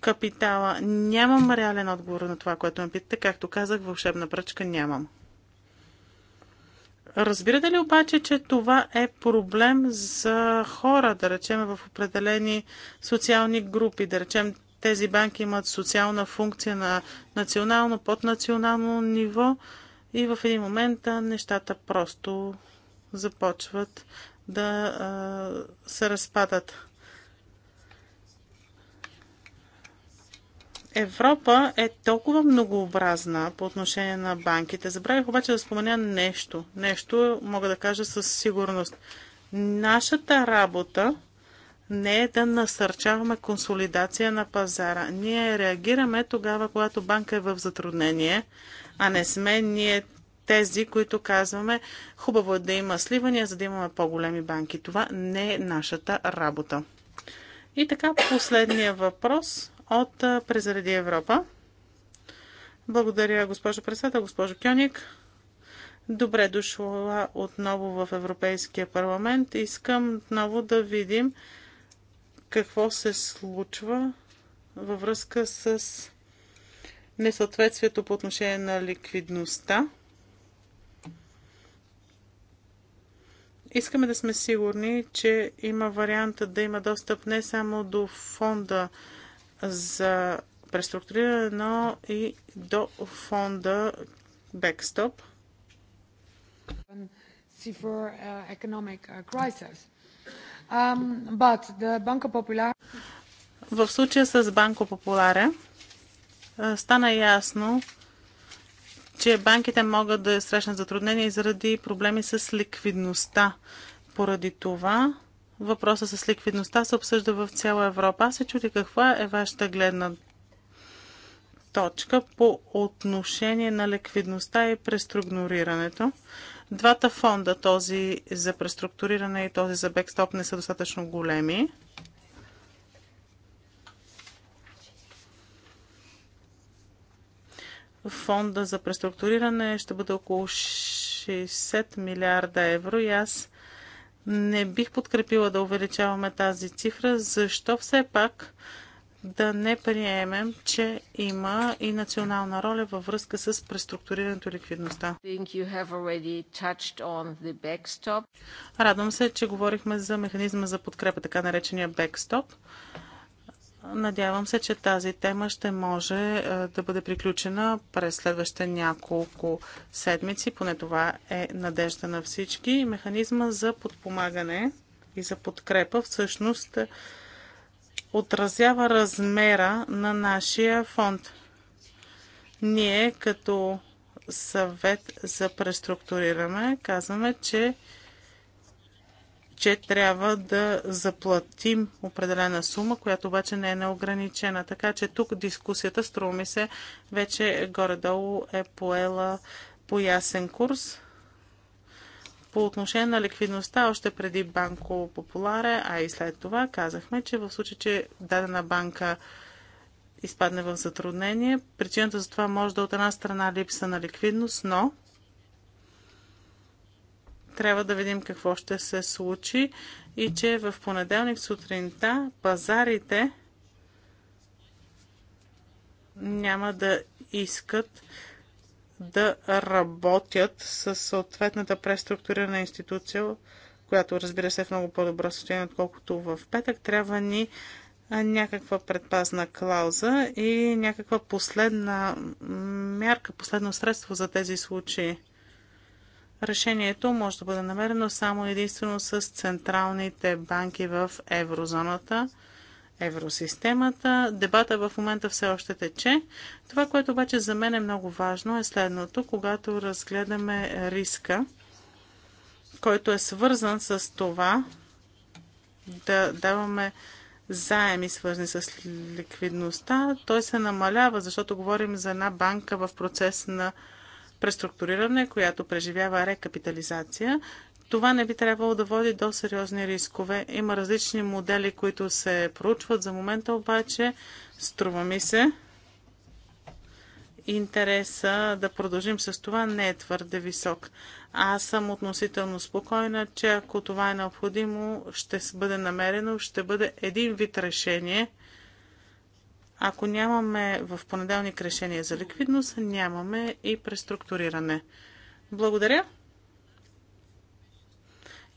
капитала. Нямам реален отговор на това, което ме питате. Както казах, вълшебна пръчка нямам. Разбирате ли обаче, че това е проблем за хора, да речем в определени социални групи, да речем тези банки имат социална функция на национално, поднационално ниво и в един момент нещата просто започват да а, се разпадат. Европа е толкова многообразна по отношение на банките. Забравих обаче да спомена нещо. Нещо мога да кажа със сигурност. Нашата работа не е да насърчаваме консолидация на пазара. Ние реагираме тогава, когато банка е в затруднение, а не сме ние тези, които казваме, хубаво е да има сливания, за да имаме по-големи банки. Това не е нашата работа. И така, последния въпрос от Презреди Европа. Благодаря, госпожо председател, госпожо Кьоник. Добре дошла отново в Европейския парламент. Искам отново да видим какво се случва във връзка с несъответствието по отношение на ликвидността. Искаме да сме сигурни, че има вариант да има достъп не само до фонда за преструктуриране, но и до фонда Бекстоп. For, uh, uh Um, в случая с Банко Популаре е, стана ясно, че банките могат да срещнат затруднения и заради проблеми с ликвидността. Поради това въпроса с ликвидността се обсъжда в цяла Европа. Аз се чути каква е вашата гледна точка по отношение на ликвидността и престругнорирането. Двата фонда, този за преструктуриране и този за бекстоп, не са достатъчно големи. Фонда за преструктуриране ще бъде около 60 милиарда евро и аз не бих подкрепила да увеличаваме тази цифра. Защо все пак да не приемем, че има и национална роля във връзка с преструктурирането ликвидността. Радвам се, че говорихме за механизма за подкрепа, така наречения бекстоп. Надявам се, че тази тема ще може е, да бъде приключена през следващите няколко седмици, поне това е надежда на всички. Механизма за подпомагане и за подкрепа всъщност отразява размера на нашия фонд. Ние като съвет за преструктуриране казваме, че, че трябва да заплатим определена сума, която обаче не е неограничена. Така че тук дискусията, струва ми се, вече горе-долу е поела по ясен курс. По отношение на ликвидността, още преди Банко Популаре, а и след това, казахме, че в случай, че дадена банка изпадне в затруднение, причината за това може да е от една страна липса на ликвидност, но трябва да видим какво ще се случи и че в понеделник сутринта пазарите няма да искат да работят с съответната преструктурирана институция, която разбира се е в много по-добро състояние, отколкото в петък. Трябва ни някаква предпазна клауза и някаква последна мярка, последно средство за тези случаи. Решението може да бъде намерено само единствено с централните банки в еврозоната – евросистемата. Дебата в момента все още тече. Това, което обаче за мен е много важно, е следното. Когато разгледаме риска, който е свързан с това да даваме заеми, свързани с ликвидността, той се намалява, защото говорим за една банка в процес на преструктуриране, която преживява рекапитализация това не би трябвало да води до сериозни рискове. Има различни модели, които се проучват. За момента обаче, струва ми се, интереса да продължим с това не е твърде висок. Аз съм относително спокойна, че ако това е необходимо, ще бъде намерено, ще бъде един вид решение. Ако нямаме в понеделник решение за ликвидност, нямаме и преструктуриране. Благодаря.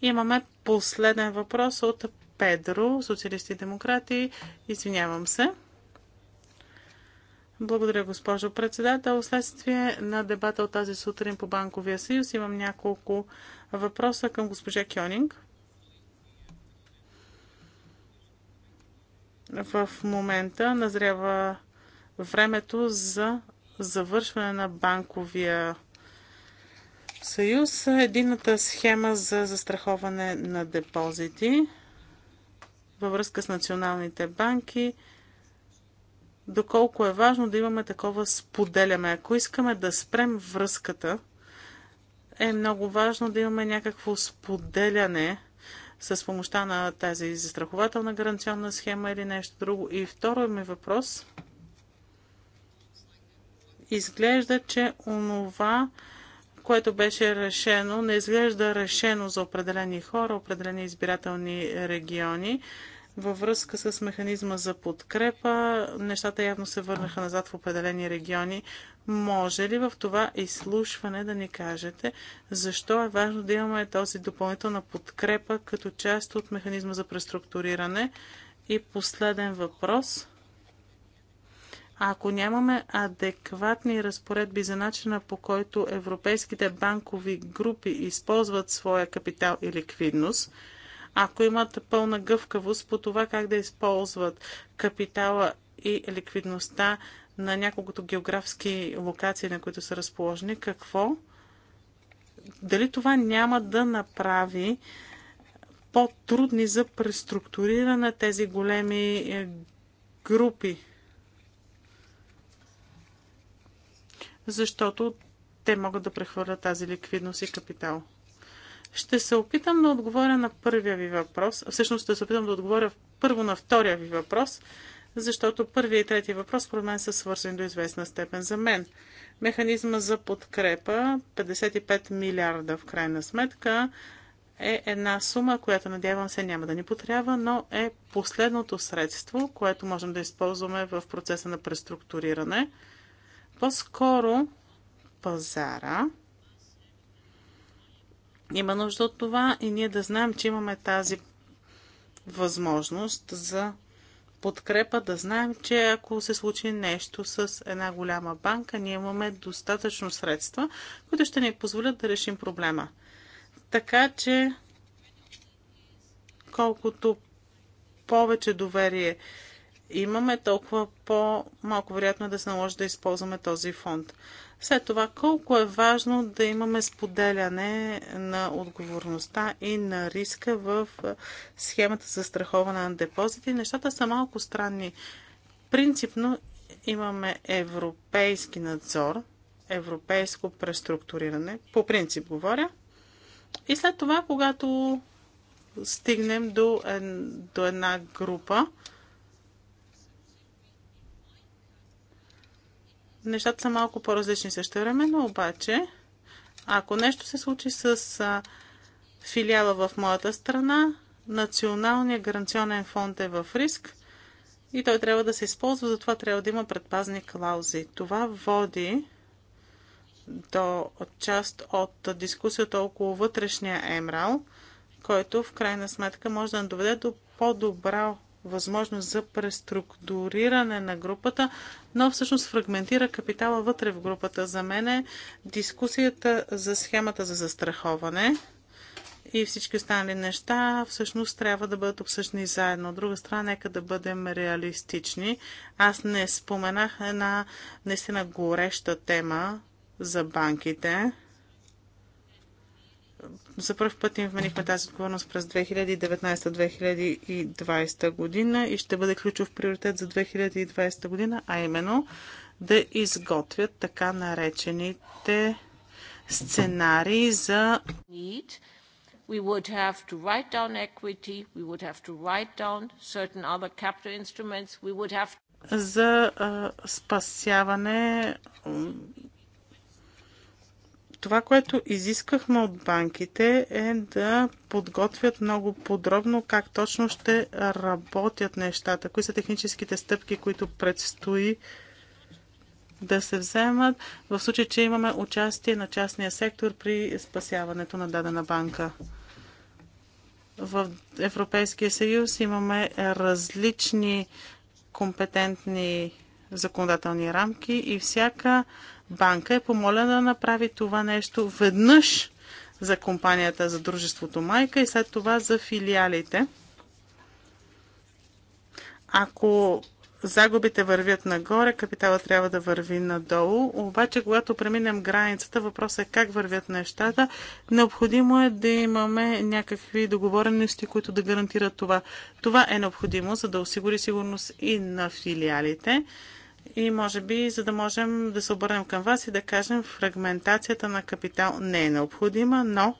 Имаме последен въпрос от Педро, социалисти и демократи. Извинявам се. Благодаря, госпожо председател. Следствие на дебата от тази сутрин по Банковия съюз имам няколко въпроса към госпожа Кьонинг. В момента назрява времето за завършване на банковия съюз, едината схема за застраховане на депозити във връзка с националните банки, доколко е важно да имаме такова споделяме. Ако искаме да спрем връзката, е много важно да имаме някакво споделяне с помощта на тази застрахователна гаранционна схема или нещо друго. И второ ми въпрос. Изглежда, че онова, което беше решено, не изглежда решено за определени хора, определени избирателни региони. Във връзка с механизма за подкрепа, нещата явно се върнаха назад в определени региони. Може ли в това изслушване да ни кажете защо е важно да имаме този допълнителна подкрепа като част от механизма за преструктуриране? И последен въпрос – а ако нямаме адекватни разпоредби за начина по който европейските банкови групи използват своя капитал и ликвидност, ако имат пълна гъвкавост по това как да използват капитала и ликвидността на няколкото географски локации, на които са разположени, какво? Дали това няма да направи по-трудни за преструктуриране тези големи е, групи? защото те могат да прехвърлят тази ликвидност и капитал. Ще се опитам да отговоря на първия ви въпрос. Всъщност ще се опитам да отговоря първо на втория ви въпрос, защото първият и третия въпрос, според мен, са свързани до известна степен за мен. Механизма за подкрепа 55 милиарда в крайна сметка е една сума, която надявам се няма да ни потрябва, но е последното средство, което можем да използваме в процеса на преструктуриране. По-скоро пазара има нужда от това и ние да знаем, че имаме тази възможност за подкрепа, да знаем, че ако се случи нещо с една голяма банка, ние имаме достатъчно средства, които ще ни позволят да решим проблема. Така че, колкото повече доверие имаме, толкова по-малко вероятно е да се наложи да използваме този фонд. След това, колко е важно да имаме споделяне на отговорността и на риска в схемата за страховане на депозити. Нещата са малко странни. Принципно имаме европейски надзор, европейско преструктуриране, по принцип говоря. И след това, когато стигнем до, до една група, нещата са малко по-различни също време, но обаче, ако нещо се случи с филиала в моята страна, Националният гаранционен фонд е в риск и той трябва да се използва, затова трябва да има предпазни клаузи. Това води до част от дискусията около вътрешния емрал, който в крайна сметка може да доведе до по-добро възможност за преструктуриране на групата, но всъщност фрагментира капитала вътре в групата. За мен е дискусията за схемата за застраховане и всички останали неща всъщност трябва да бъдат обсъждани заедно. От друга страна, нека да бъдем реалистични. Аз не споменах една наистина гореща тема за банките но За първ път им вменихме тази отговорност през 2019-2020 година и ще бъде ключов приоритет за 2020 година, а именно да изготвят така наречените сценарии за we would have to write down equity, we would have to write down certain other capital instruments, we would have за а, спасяване това, което изискахме от банките е да подготвят много подробно как точно ще работят нещата, кои са техническите стъпки, които предстои да се вземат в случай, че имаме участие на частния сектор при спасяването на дадена банка. В Европейския съюз имаме различни компетентни законодателни рамки и всяка банка е помолена да направи това нещо веднъж за компанията, за дружеството майка и след това за филиалите. Ако загубите вървят нагоре, капитала трябва да върви надолу. Обаче, когато преминем границата, въпросът е как вървят нещата. Необходимо е да имаме някакви договорености, които да гарантират това. Това е необходимо, за да осигури сигурност и на филиалите. И може би, за да можем да се обърнем към вас и да кажем, фрагментацията на капитал не е необходима, но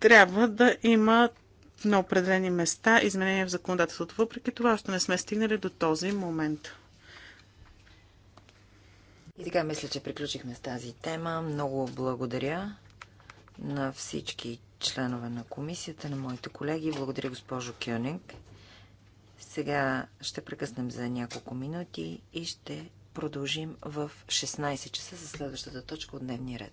трябва да има на определени места изменения в законодателството. Въпреки това, още не сме стигнали до този момент. И така, мисля, че приключихме с тази тема. Много благодаря на всички членове на комисията, на моите колеги. Благодаря, госпожо Кюнинг. Сега ще прекъснем за няколко минути и ще продължим в 16 часа за следващата точка от дневния ред.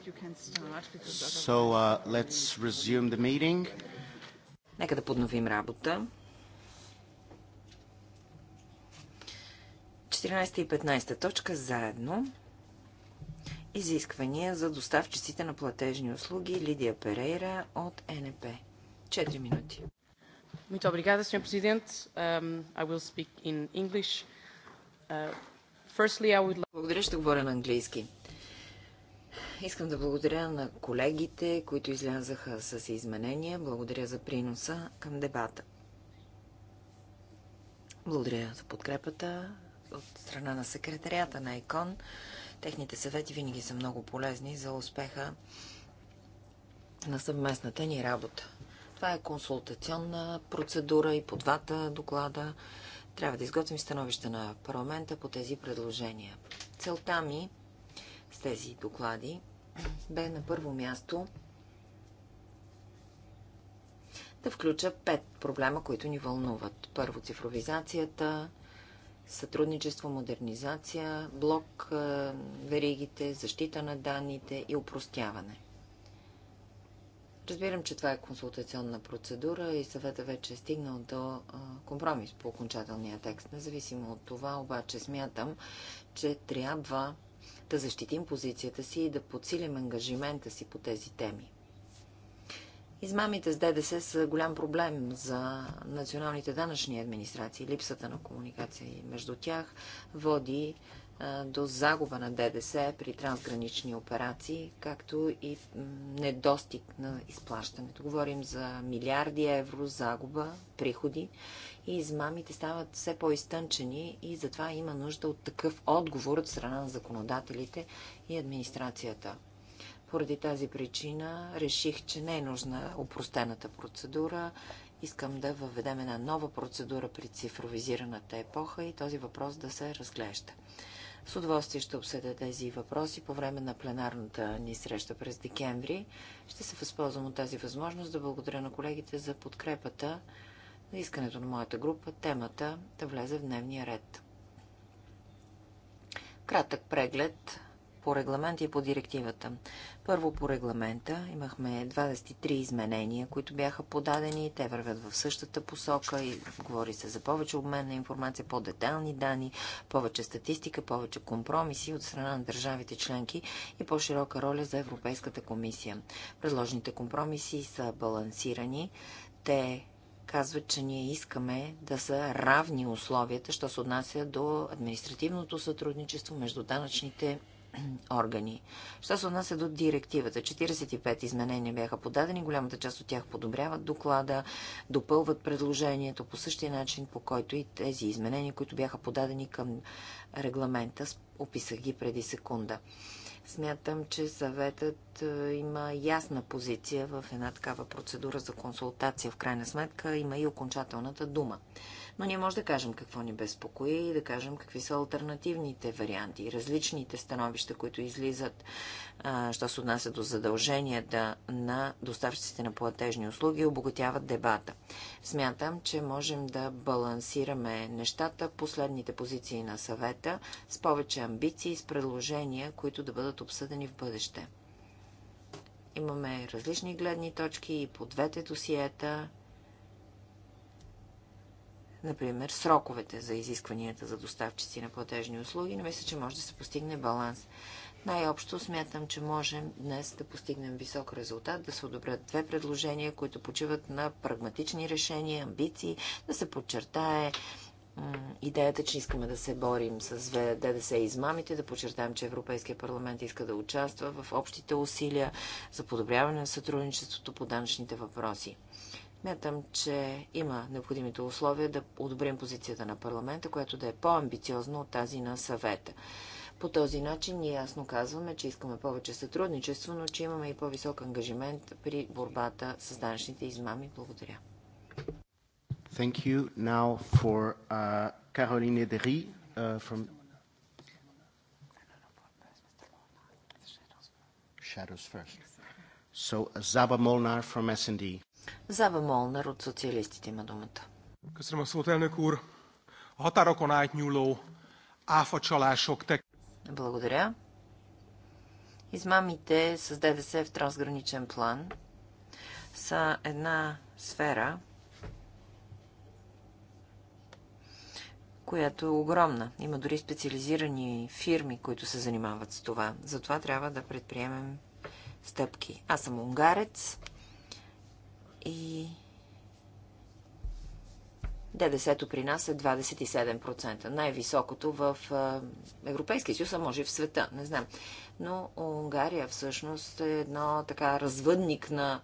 think you can start So uh, let's resume the meeting. Нека да подновим работа. 14 и 15 точка заедно. Изисквания за доставчиците на платежни услуги Лидия Перейра от НП. 4 минути. Muito obrigada, Sr. Presidente. Um, I will speak in English. Uh, firstly, I would... Благодаря, ще говоря на английски. Искам да благодаря на колегите, които излязаха с изменения. Благодаря за приноса към дебата. Благодаря за подкрепата от страна на секретарията на ЕКОН. Техните съвети винаги са много полезни за успеха на съвместната ни работа. Това е консултационна процедура и по двата доклада. Трябва да изготвим становище на парламента по тези предложения. Целта ми с тези доклади бе на първо място да включа пет проблема, които ни вълнуват. Първо цифровизацията, сътрудничество, модернизация, блок, веригите, защита на данните и упростяване. Разбирам, че това е консултационна процедура и съвета вече е стигнал до компромис по окончателния текст. Независимо от това, обаче смятам, че трябва да защитим позицията си и да подсилим ангажимента си по тези теми. Измамите с ДДС са голям проблем за националните данъчни администрации. Липсата на комуникация между тях води до загуба на ДДС при трансгранични операции, както и недостиг на изплащането. Говорим за милиарди евро загуба, приходи и измамите стават все по-изтънчени и затова има нужда от такъв отговор от страна на законодателите и администрацията. Поради тази причина реших, че не е нужна упростената процедура искам да въведем една нова процедура при цифровизираната епоха и този въпрос да се разглежда. С удоволствие ще обсъдя тези въпроси по време на пленарната ни среща през декември. Ще се възползвам от тази възможност да благодаря на колегите за подкрепата на искането на моята група темата да влезе в дневния ред. Кратък преглед по регламента и по директивата. Първо по регламента имахме 23 изменения, които бяха подадени. Те вървят в същата посока и говори се за повече обмен на информация, по-детални данни, повече статистика, повече компромиси от страна на държавите членки и по-широка роля за Европейската комисия. Предложените компромиси са балансирани. Те казват, че ние искаме да са равни условията, що се отнася до административното сътрудничество между данъчните органи. Що се отнася до директивата? 45 изменения бяха подадени, голямата част от тях подобряват доклада, допълват предложението по същия начин, по който и тези изменения, които бяха подадени към регламента, описах ги преди секунда. Смятам, че съветът има ясна позиция в една такава процедура за консултация. В крайна сметка има и окончателната дума но ние може да кажем какво ни безпокои и да кажем какви са альтернативните варианти, различните становища, които излизат, що се отнася до задълженията на доставчиците на платежни услуги, обогатяват дебата. Смятам, че можем да балансираме нещата, последните позиции на съвета, с повече амбиции, с предложения, които да бъдат обсъдени в бъдеще имаме различни гледни точки и по двете досиета. Например, сроковете за изискванията за доставчици на платежни услуги, но мисля, че може да се постигне баланс. Най-общо смятам, че можем днес да постигнем висок резултат, да се одобрят две предложения, които почиват на прагматични решения, амбиции, да се подчертае идеята, че искаме да се борим с ДДС и измамите, да подчертаем, че Европейския парламент иска да участва в общите усилия за подобряване на сътрудничеството по данъчните въпроси. Мятам, че има необходимите условия да одобрим позицията на парламента, която да е по-амбициозна от тази на съвета. По този начин ние ясно казваме, че искаме повече сътрудничество, но че имаме и по-висок ангажимент при борбата с данъчните измами. Благодаря. Thank you. Now for uh, Caroline uh, from Shadows first. So Zaba Molnar from S&D. Зава Молнар от социалистите има думата. Köszönöm a szót, elnök úr. A határokon átnyúló áfacsalások Благодаря. Измамите с ДДС в трансграничен план са една сфера, която е огромна. Има дори специализирани фирми, които се занимават с това. Затова трябва да предприемем стъпки. Аз съм унгарец. И ДДС-то при нас е 27%. Най-високото в Европейския съюз, а може и в света, не знам. Но Унгария всъщност е едно така развъдник на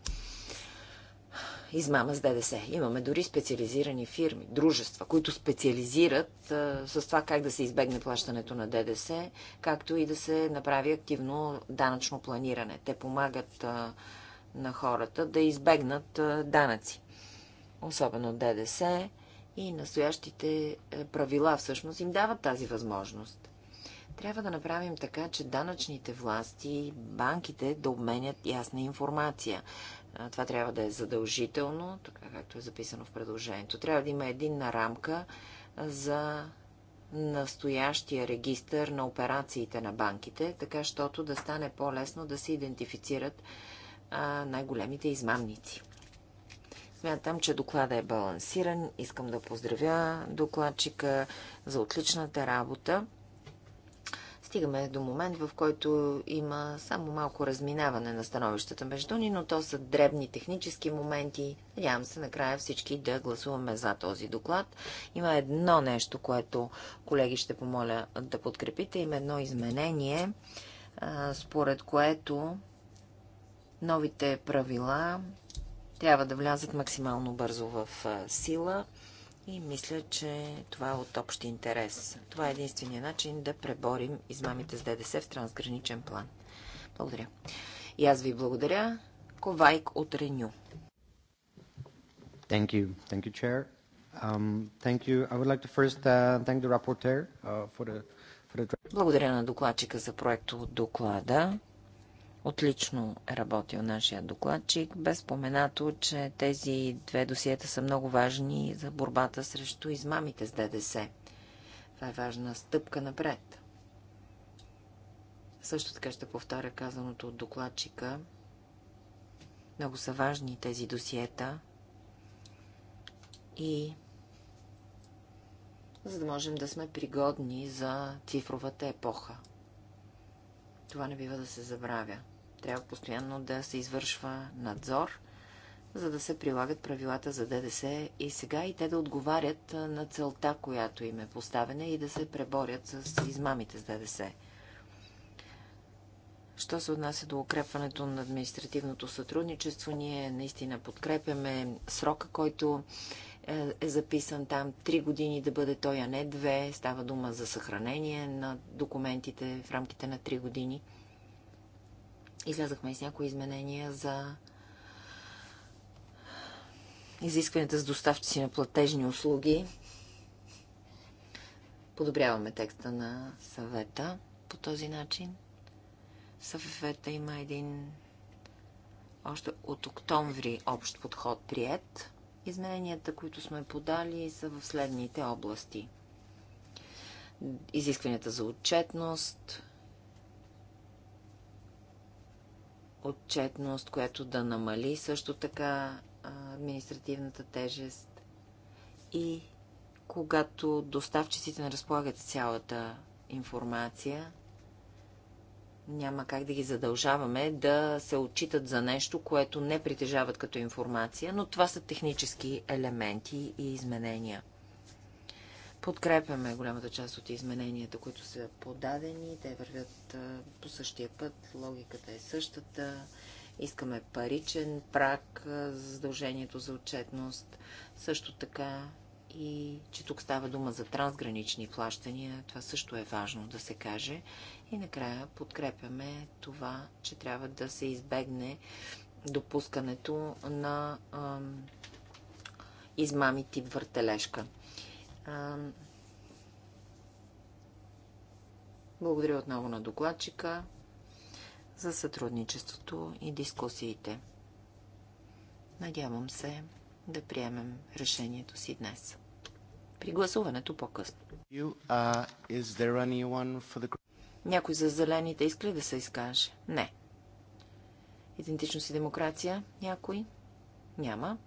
измама с ДДС. Имаме дори специализирани фирми, дружества, които специализират а, с това как да се избегне плащането на ДДС, както и да се направи активно данъчно планиране. Те помагат а, на хората да избегнат данъци, особено ДДС и настоящите е, правила всъщност им дават тази възможност. Трябва да направим така, че данъчните власти, банките да обменят ясна информация. Това трябва да е задължително, така както е записано в предложението. Трябва да има единна рамка за настоящия регистър на операциите на банките, така щото да стане по-лесно да се идентифицират най-големите измамници. Смятам, че доклада е балансиран. Искам да поздравя докладчика за отличната работа. Стигаме до момент, в който има само малко разминаване на становищата между ни, но то са дребни технически моменти. Надявам се накрая всички да гласуваме за този доклад. Има едно нещо, което колеги ще помоля да подкрепите. Има едно изменение, според което Новите правила трябва да влязат максимално бързо в сила и мисля, че това е от общ интерес. Това е единствения начин да преборим измамите с ДДС в трансграничен план. Благодаря. И аз ви благодаря. Ковайк от Реню. Thank you. Thank you, Chair. Um, thank you. I would like to first uh, thank the rapporteur uh, for the, Благодаря на докладчика за проекто доклада. Отлично е работил нашия докладчик. Без споменато, че тези две досиета са много важни за борбата срещу измамите с ДДС. Това е важна стъпка напред. Също така ще повторя казаното от докладчика. Много са важни тези досиета. И за да можем да сме пригодни за цифровата епоха. Това не бива да се забравя. Трябва постоянно да се извършва надзор, за да се прилагат правилата за ДДС и сега и те да отговарят на целта, която им е поставена и да се преборят с измамите с ДДС. Що се отнася до укрепването на административното сътрудничество, ние наистина подкрепяме срока, който е, е записан там. Три години да бъде той, а не две. Става дума за съхранение на документите в рамките на три години. Излязахме с някои изменения за изискванията с доставчици на платежни услуги. Подобряваме текста на съвета по този начин. Съвета има един още от октомври общ подход прият. Измененията, които сме подали, са в следните области. Изискванията за отчетност, отчетност, което да намали също така административната тежест и когато доставчиците не разполагат цялата информация, няма как да ги задължаваме да се отчитат за нещо, което не притежават като информация, но това са технически елементи и изменения. Подкрепяме голямата част от измененията, които са подадени. Те вървят по същия път. Логиката е същата. Искаме паричен прак за задължението за отчетност. Също така и че тук става дума за трансгранични плащания. Това също е важно да се каже. И накрая подкрепяме това, че трябва да се избегне допускането на ам, измами тип въртележка. Благодаря отново на докладчика за сътрудничеството и дискусиите. Надявам се да приемем решението си днес. При гласуването по-късно. Uh, the... Някой за зелените иска ли да се изкаже? Не. Идентичност и демокрация? Някой? Няма.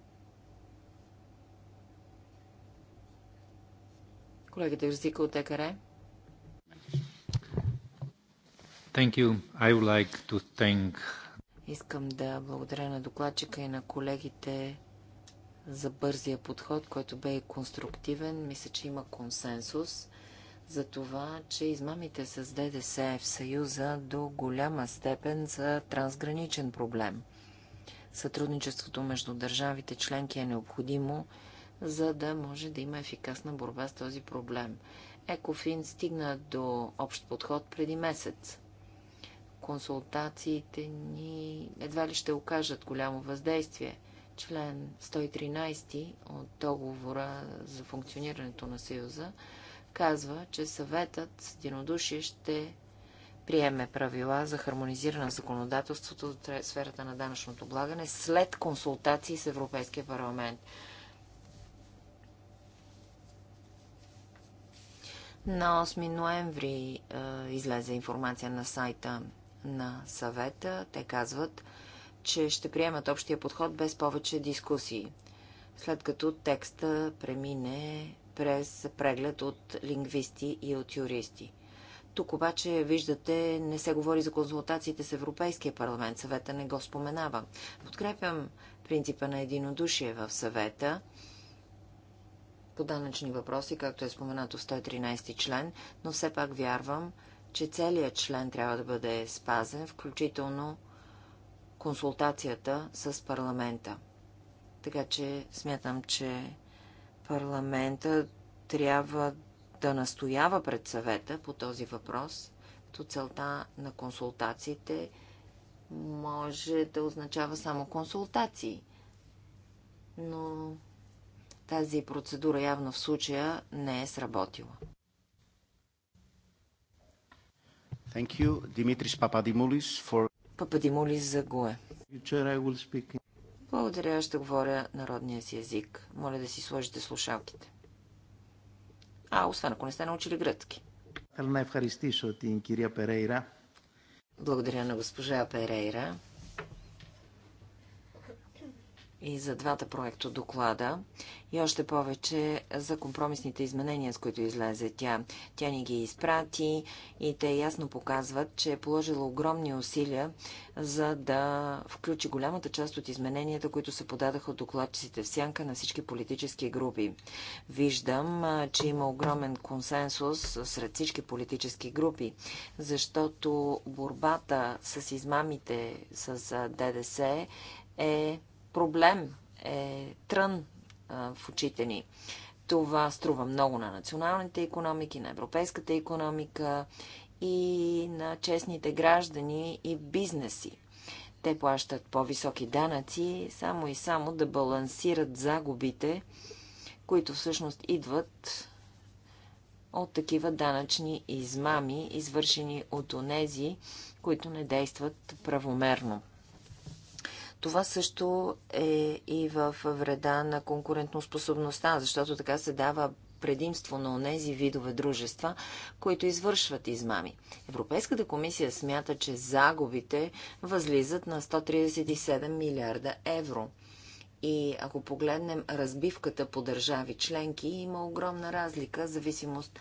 Колегата Юрзика от ЕКР. Like Искам да благодаря на докладчика и на колегите за бързия подход, който бе и конструктивен. Мисля, че има консенсус за това, че измамите с ДДС в Съюза до голяма степен са трансграничен проблем. Сътрудничеството между държавите членки е необходимо, за да може да има ефикасна борба с този проблем. Екофин стигна до общ подход преди месец. Консултациите ни едва ли ще окажат голямо въздействие. Член 113 от договора за функционирането на Съюза казва, че съветът с единодушие ще приеме правила за хармонизиране на законодателството в сферата на данъчното облагане след консултации с Европейския парламент. На 8 ноември е, излезе информация на сайта на съвета. Те казват, че ще приемат общия подход без повече дискусии, след като текста премине през преглед от лингвисти и от юристи. Тук обаче, виждате, не се говори за консултациите с Европейския парламент. Съвета не го споменава. Подкрепям принципа на единодушие в съвета по данъчни въпроси, както е споменато в 113 член, но все пак вярвам, че целият член трябва да бъде спазен, включително консултацията с парламента. Така че смятам, че парламента трябва да настоява пред съвета по този въпрос, то целта на консултациите може да означава само консултации. Но тази процедура явно в случая не е сработила. Thank you, Dimitris Papadimoulis, for... Пападимулис за ГУЕ. Благодаря, ще говоря народния си език. Моля да си сложите слушалките. А, освен ако не сте научили гръцки. Благодаря на госпожа Перейра и за двата проекто доклада и още повече за компромисните изменения, с които излезе тя. Тя ни ги изпрати и те ясно показват, че е положила огромни усилия за да включи голямата част от измененията, които се подадаха от докладчиците в сянка на всички политически групи. Виждам, че има огромен консенсус сред всички политически групи, защото борбата с измамите с ДДС е проблем, е трън в очите ни. Това струва много на националните економики, на европейската економика и на честните граждани и бизнеси. Те плащат по-високи данъци, само и само да балансират загубите, които всъщност идват от такива данъчни измами, извършени от онези, които не действат правомерно. Това също е и в вреда на конкурентоспособността, защото така се дава предимство на онези видове дружества, които извършват измами. Европейската комисия смята, че загубите възлизат на 137 милиарда евро. И ако погледнем разбивката по държави членки, има огромна разлика, зависимост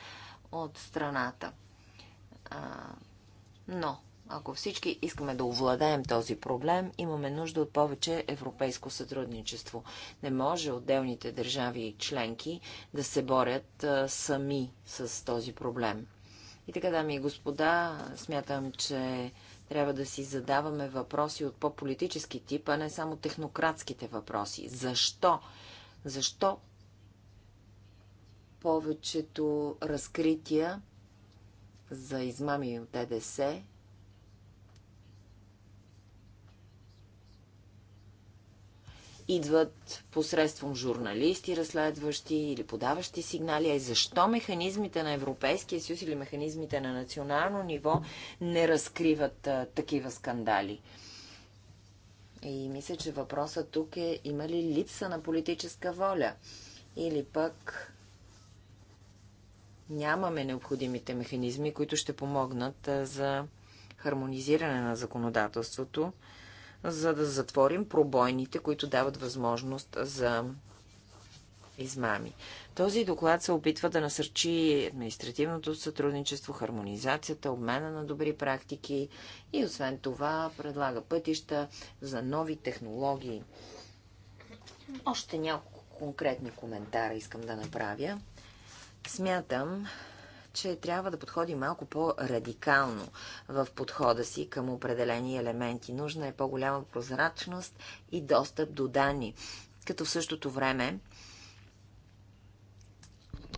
от страната. А, но ако всички искаме да овладеем този проблем, имаме нужда от повече европейско сътрудничество. Не може отделните държави и членки да се борят сами с този проблем. И така, дами и господа, смятам, че трябва да си задаваме въпроси от по-политически тип, а не само технократските въпроси. Защо? Защо повечето разкрития за измами от е ДДС идват посредством журналисти, разследващи или подаващи сигнали, а и защо механизмите на Европейския съюз или механизмите на национално ниво не разкриват а, такива скандали. И мисля, че въпросът тук е има ли липса на политическа воля или пък нямаме необходимите механизми, които ще помогнат а, за хармонизиране на законодателството за да затворим пробойните, които дават възможност за измами. Този доклад се опитва да насърчи административното сътрудничество, хармонизацията, обмена на добри практики и освен това предлага пътища за нови технологии. Още няколко конкретни коментара искам да направя. Смятам, че трябва да подходи малко по-радикално в подхода си към определени елементи. Нужна е по-голяма прозрачност и достъп до данни. Като в същото време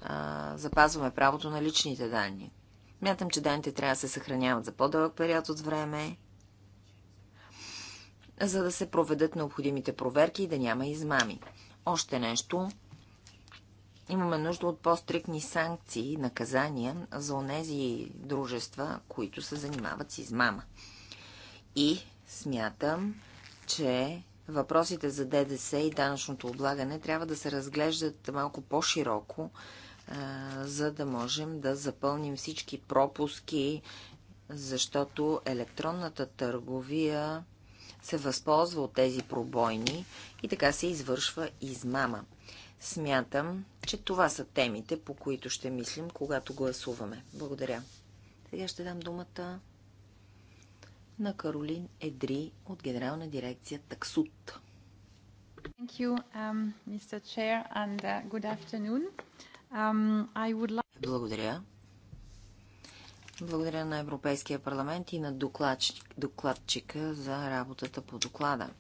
а, запазваме правото на личните данни. Мятам, че данните трябва да се съхраняват за по-дълъг период от време, за да се проведат необходимите проверки и да няма измами. Още нещо Имаме нужда от по-стрикни санкции и наказания за онези дружества, които се занимават с измама. И смятам, че въпросите за ДДС и данъчното облагане трябва да се разглеждат малко по-широко, за да можем да запълним всички пропуски, защото електронната търговия се възползва от тези пробойни и така се извършва измама. Смятам, че това са темите, по които ще мислим, когато гласуваме. Благодаря. Сега ще дам думата на Каролин Едри от Генерална дирекция Таксут. Um, uh, um, Благодаря. Благодаря на Европейския парламент и на докладчика за работата по доклада.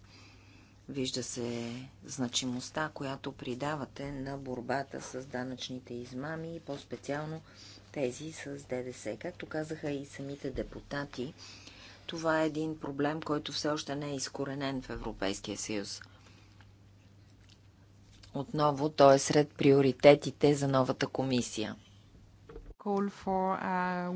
Вижда се значимостта, която придавате на борбата с данъчните измами и по-специално тези с ДДС. Както казаха и самите депутати, това е един проблем, който все още не е изкоренен в Европейския съюз. Отново той е сред приоритетите за новата комисия – Uh,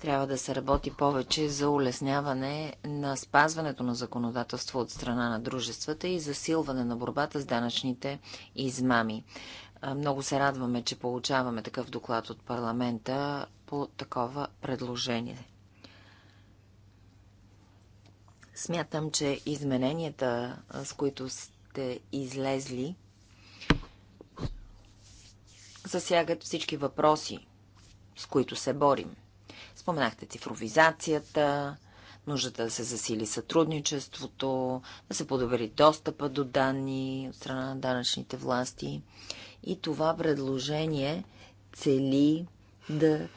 Трябва да се работи повече за улесняване на спазването на законодателство от страна на дружествата и засилване на борбата с данъчните измами. Много се радваме, че получаваме такъв доклад от парламента по такова предложение. Смятам, че измененията, с които сте излезли, засягат всички въпроси, с които се борим. Споменахте цифровизацията, нуждата да се засили сътрудничеството, да се подобри достъпа до данни от страна на данъчните власти. И това предложение цели да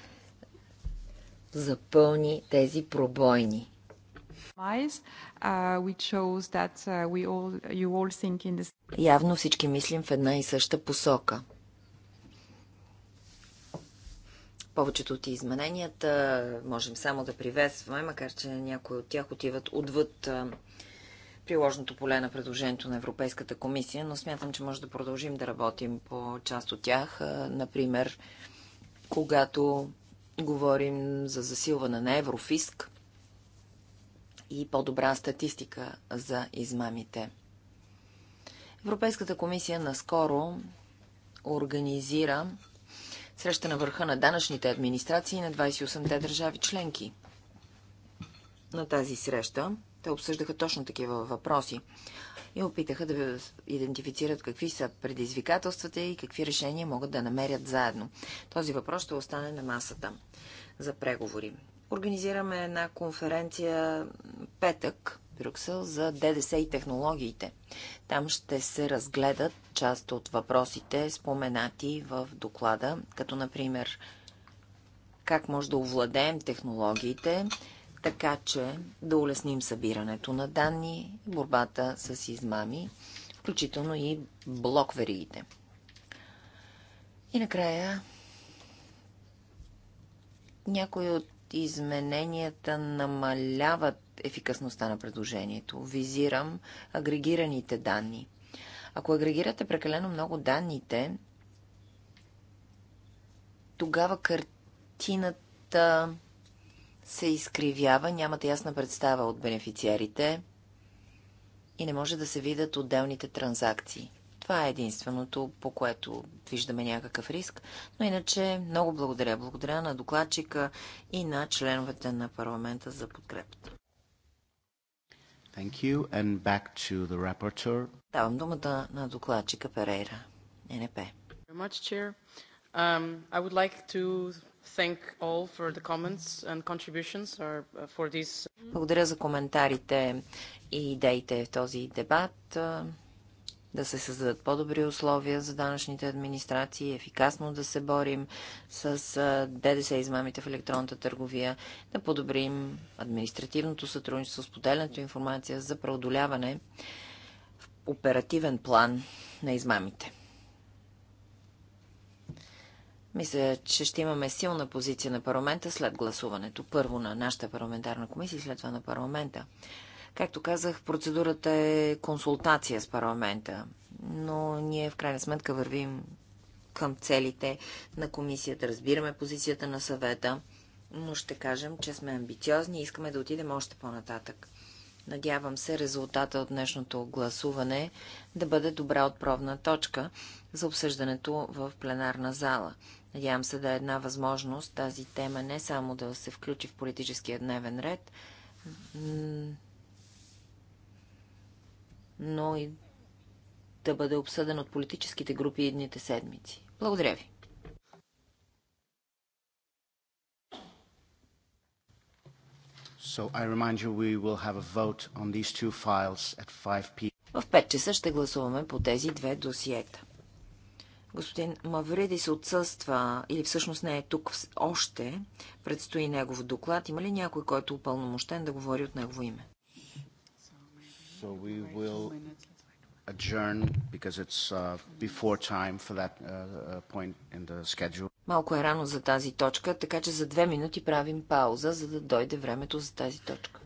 запълни тези пробойни. Uh, uh, Явно всички мислим в една и съща посока – Повечето от измененията можем само да приветстваме, макар че някои от тях отиват отвъд приложното поле на предложението на Европейската комисия, но смятам, че може да продължим да работим по част от тях. Например, когато говорим за засилване на еврофиск и по-добра статистика за измамите. Европейската комисия наскоро организира среща на върха на данъчните администрации на 28-те държави членки. На тази среща те обсъждаха точно такива въпроси и опитаха да идентифицират какви са предизвикателствата и какви решения могат да намерят заедно. Този въпрос ще остане на масата за преговори. Организираме една конференция петък Брюксел за ДДС и технологиите. Там ще се разгледат част от въпросите, споменати в доклада, като например как може да овладеем технологиите, така че да улесним събирането на данни, борбата с измами, включително и блоквериите. И накрая някои от измененията намаляват ефикасността на предложението. Визирам агрегираните данни. Ако агрегирате прекалено много данните, тогава картината се изкривява, нямате ясна представа от бенефициарите и не може да се видят отделните транзакции. Това е единственото, по което виждаме някакъв риск. Но иначе много благодаря. Благодаря на докладчика и на членовете на парламента за подкрепата. Thank you. And back to the rapporteur. Давам думата на докладчика Перейра, НП. Much, Chair. Um, I would like to thank all for the comments and contributions or for this. Благодаря за коментарите и идеите в този дебат да се създадат по-добри условия за данъчните администрации, ефикасно да се борим с ДДС измамите в електронната търговия, да подобрим административното сътрудничество, споделянето информация за преодоляване в оперативен план на измамите. Мисля, че ще имаме силна позиция на парламента след гласуването. Първо на нашата парламентарна комисия, след това на парламента. Както казах, процедурата е консултация с парламента, но ние в крайна сметка вървим към целите на комисията, разбираме позицията на съвета, но ще кажем, че сме амбициозни и искаме да отидем още по-нататък. Надявам се резултата от днешното гласуване да бъде добра отправна точка за обсъждането в пленарна зала. Надявам се да е една възможност тази тема не само да се включи в политическия дневен ред, но и да бъде обсъден от политическите групи едните седмици. Благодаря ви. So I remind you we will have a vote on these two files at 5 В 5 часа ще гласуваме по тези две досиета. Господин Мавридис отсъства или всъщност не е тук още. Предстои негов доклад. Има ли някой, който е упълномощен да говори от негово име? so we will adjourn because it's uh, before time for that uh, uh, point in the schedule. Малко е рано за тази точка, така че за две минути правим пауза, за да дойде времето за тази точка.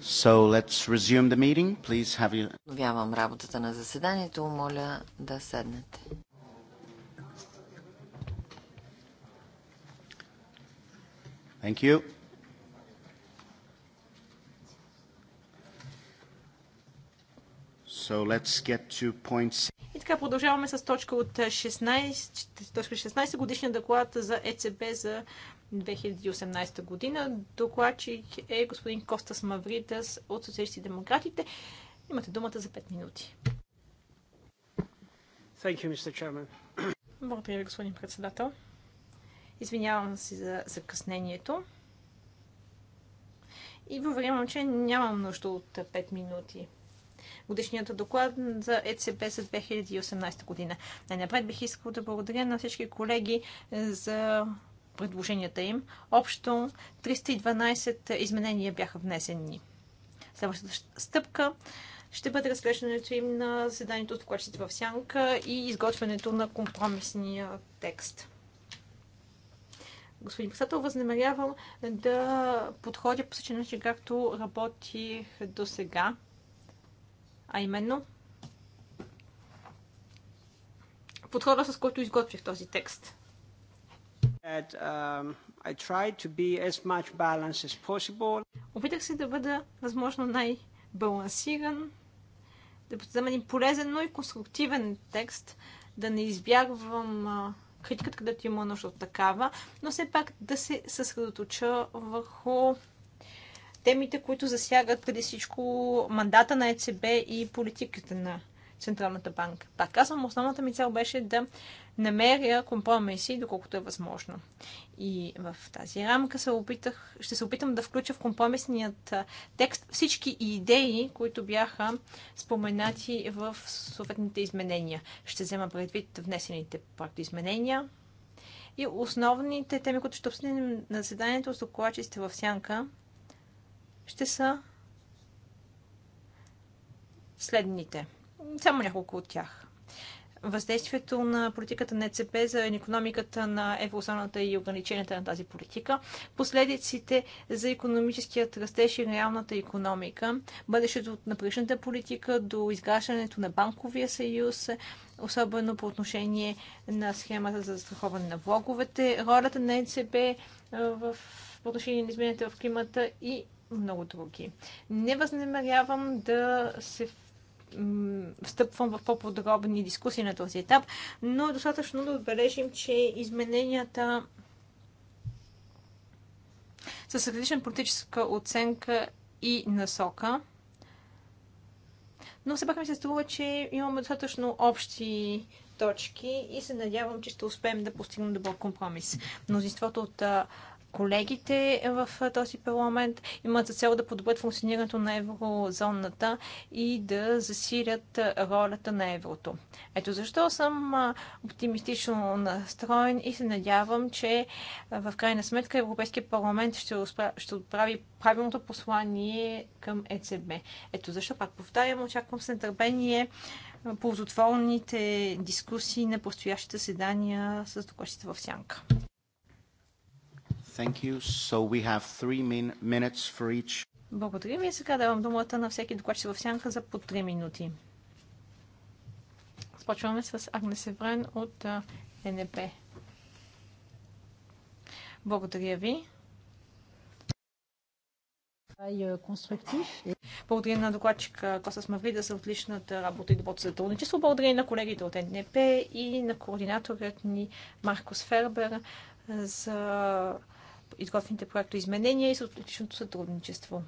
So let's resume the meeting. Please have you... работата на заседанието. Моля да седнете. Thank you. So let's get to point... И така продължаваме с точка от 16, точка 16 годишния доклад за ЕЦБ за 2018 година. Докладчик е господин Костас Мавридас от Социалисти демократите. Имате думата за 5 минути. Thank you, Mr. Chairman. Благодаря ви, господин председател. Извинявам се за закъснението. И време, че нямам нужда от 5 минути. Годишният доклад за ЕЦБ за 2018 година. Най-напред бих искал да благодаря на всички колеги за предложенията им. Общо 312 изменения бяха внесени. Следващата стъпка ще бъде разглеждането им на заседанието от докладчите в сянка и изготвянето на компромисния текст. Господин председател, възнамерявам да подходя по същия начин, както работих до сега. А именно, подхода, с който изготвих този текст. Um, Опитах се да бъда възможно най-балансиран, да подзема един полезен, но и конструктивен текст, да не избягвам критиката, където има нужда от такава, но все пак да се съсредоточа върху темите, които засягат преди всичко мандата на ЕЦБ и политиката на Централната банка. Пак казвам, основната ми цел беше да намеря компромиси, доколкото е възможно. И в тази рамка се опитах, ще се опитам да включа в компромисният текст всички идеи, които бяха споменати в съответните изменения. Ще взема предвид внесените проекти изменения и основните теми, които ще обсъдим на заседанието с докладчиците в сянка, ще са следните – само няколко от тях. Въздействието на политиката на ЕЦП за економиката на еврозоната и ограниченията на тази политика, последиците за економическият растеж и реалната економика, бъдещето от напрежната политика до изграждането на банковия съюз, особено по отношение на схемата за застраховане на влоговете, ролята на ЕЦП в по отношение на изменението в климата и много други. Не възнамерявам да се встъпвам в по-подробни дискусии на този етап, но е достатъчно да отбележим, че измененията с различна политическа оценка и насока. Но все пак ми се струва, че имаме достатъчно общи точки и се надявам, че ще успеем да постигнем добър компромис. Мнозинството от колегите в този парламент имат за цел да подобрят функционирането на еврозоната и да засилят ролята на еврото. Ето защо съм оптимистично настроен и се надявам, че в крайна сметка Европейския парламент ще, успра... ще отправи правилното послание към ЕЦБ. Ето защо, пак повтарям, очаквам с нетърпение ползотворните дискусии на постоящите седания с докладчите в Сянка. Thank you. So we have three min- minutes for each. Благодаря ви. Сега давам думата на всеки докладчик в сянка за по 3 минути. Започваме с Агнес Еврен от НП. Благодаря ви. Благодаря на докладчика Косас Маврида за отличната работа и доброто сътрудничество. Благодаря и на колегите от НДП и на координаторът ни Маркос Фербер за изготвените изменения и съответното сътрудничество.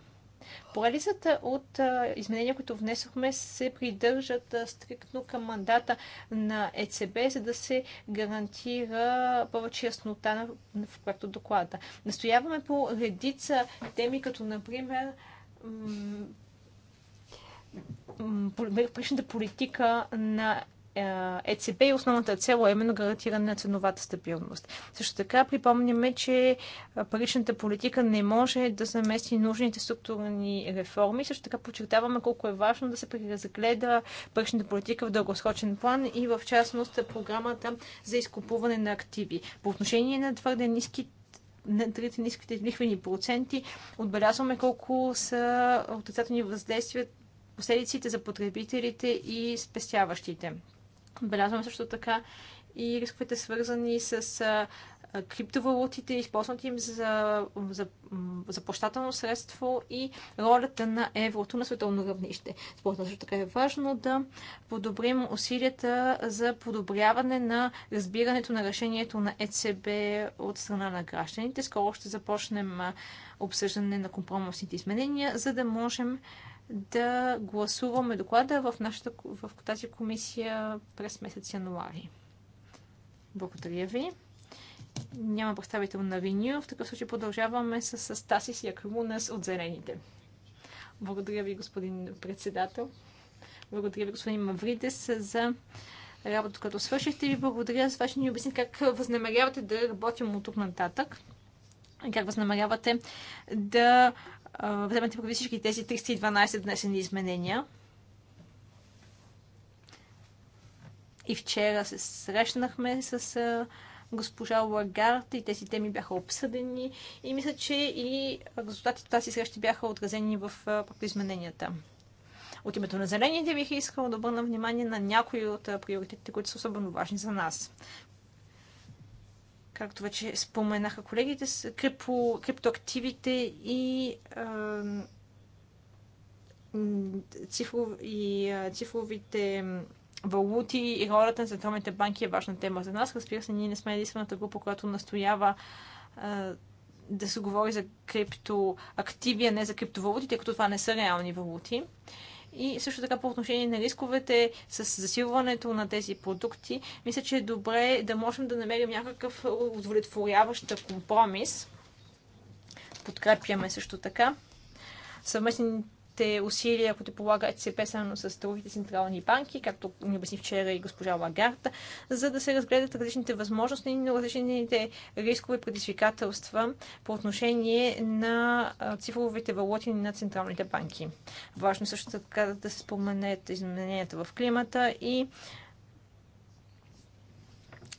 Поредицата от изменения, които внесохме, се придържат стриктно към мандата на ЕЦБ, за да се гарантира повече яснота на, в проекто доклада. Настояваме по редица теми, като например прешната политика на е, ЕЦБ и основната цел е именно гарантиране на ценовата стабилност. Също така припомняме, че паричната политика не може да замести нужните структурни реформи. Също така подчертаваме колко е важно да се преразгледа паричната политика в дългосрочен план и в частност програмата за изкупуване на активи. По отношение на твърде ниски, на трите ниските лихвени проценти, отбелязваме колко са отрицателни въздействия последиците за потребителите и спестяващите. Отбелязваме също така и рисковете свързани с криптовалутите, използването им за, за, за плащателно средство и ролята на еврото на световно равнище. Според също така е важно да подобрим усилията за подобряване на разбирането на решението на ЕЦБ от страна на гражданите. Скоро ще започнем обсъждане на компромисните изменения, за да можем да гласуваме доклада в, нашата, в тази комисия през месец януари. Благодаря ви. Няма представител на Виню. В такъв случай продължаваме с, с Тасис Якрумунес от Зелените. Благодаря ви, господин председател. Благодаря ви, господин Мавридес, за работа, като свършихте и ви благодаря за това, че ни обясни как възнамерявате да работим от тук нататък. Как възнамерявате да вземате по всички тези 312 днесени изменения. И вчера се срещнахме с госпожа Лагард и тези теми бяха обсъдени и мисля, че и резултатите от тази среща бяха отразени в измененията. От името на зелените бих искала да обърна внимание на някои от приоритетите, които са особено важни за нас както вече споменаха колегите, с крипто, криптоактивите и цифров, и цифровите валути и ролята на централните банки е важна тема за нас. Разбира се, ние не сме единствената група, която настоява а, да се говори за криптоактиви, а не за криптовалути, тъй като това не са реални валути. И също така по отношение на рисковете с засилването на тези продукти, мисля, че е добре да можем да намерим някакъв удовлетворяващ компромис. Подкрепяме също така съвместни всичките усилия, които полага ЕЦП само с другите централни банки, както ни обясни вчера и госпожа Лагарта, за да се разгледат различните възможности и различните рискове предизвикателства по отношение на цифровите валути на централните банки. Важно е също така да се споменят измененията в климата и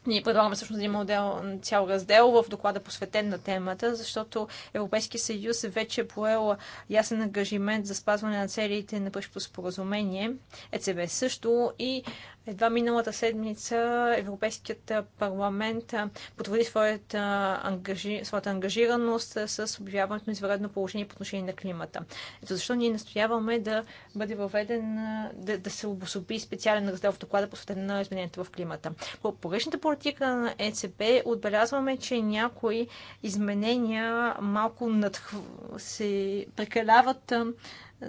ние предлагаме всъщност има отдел цял раздел в доклада посветен на темата, защото Европейски съюз вече е поел ясен ангажимент за спазване на целите на пръщото споразумение, ЕЦБ също и едва миналата седмица Европейският парламент потвърди своята, ангажи... своята ангажираност с обявяването на извънредно положение по отношение на климата. Ето защо ние настояваме да бъде въведен, да, да се обособи специален раздел в доклада, посветен на изменението в климата. По поръчната политика на ЕЦБ отбелязваме, че някои изменения малко надх... се прекаляват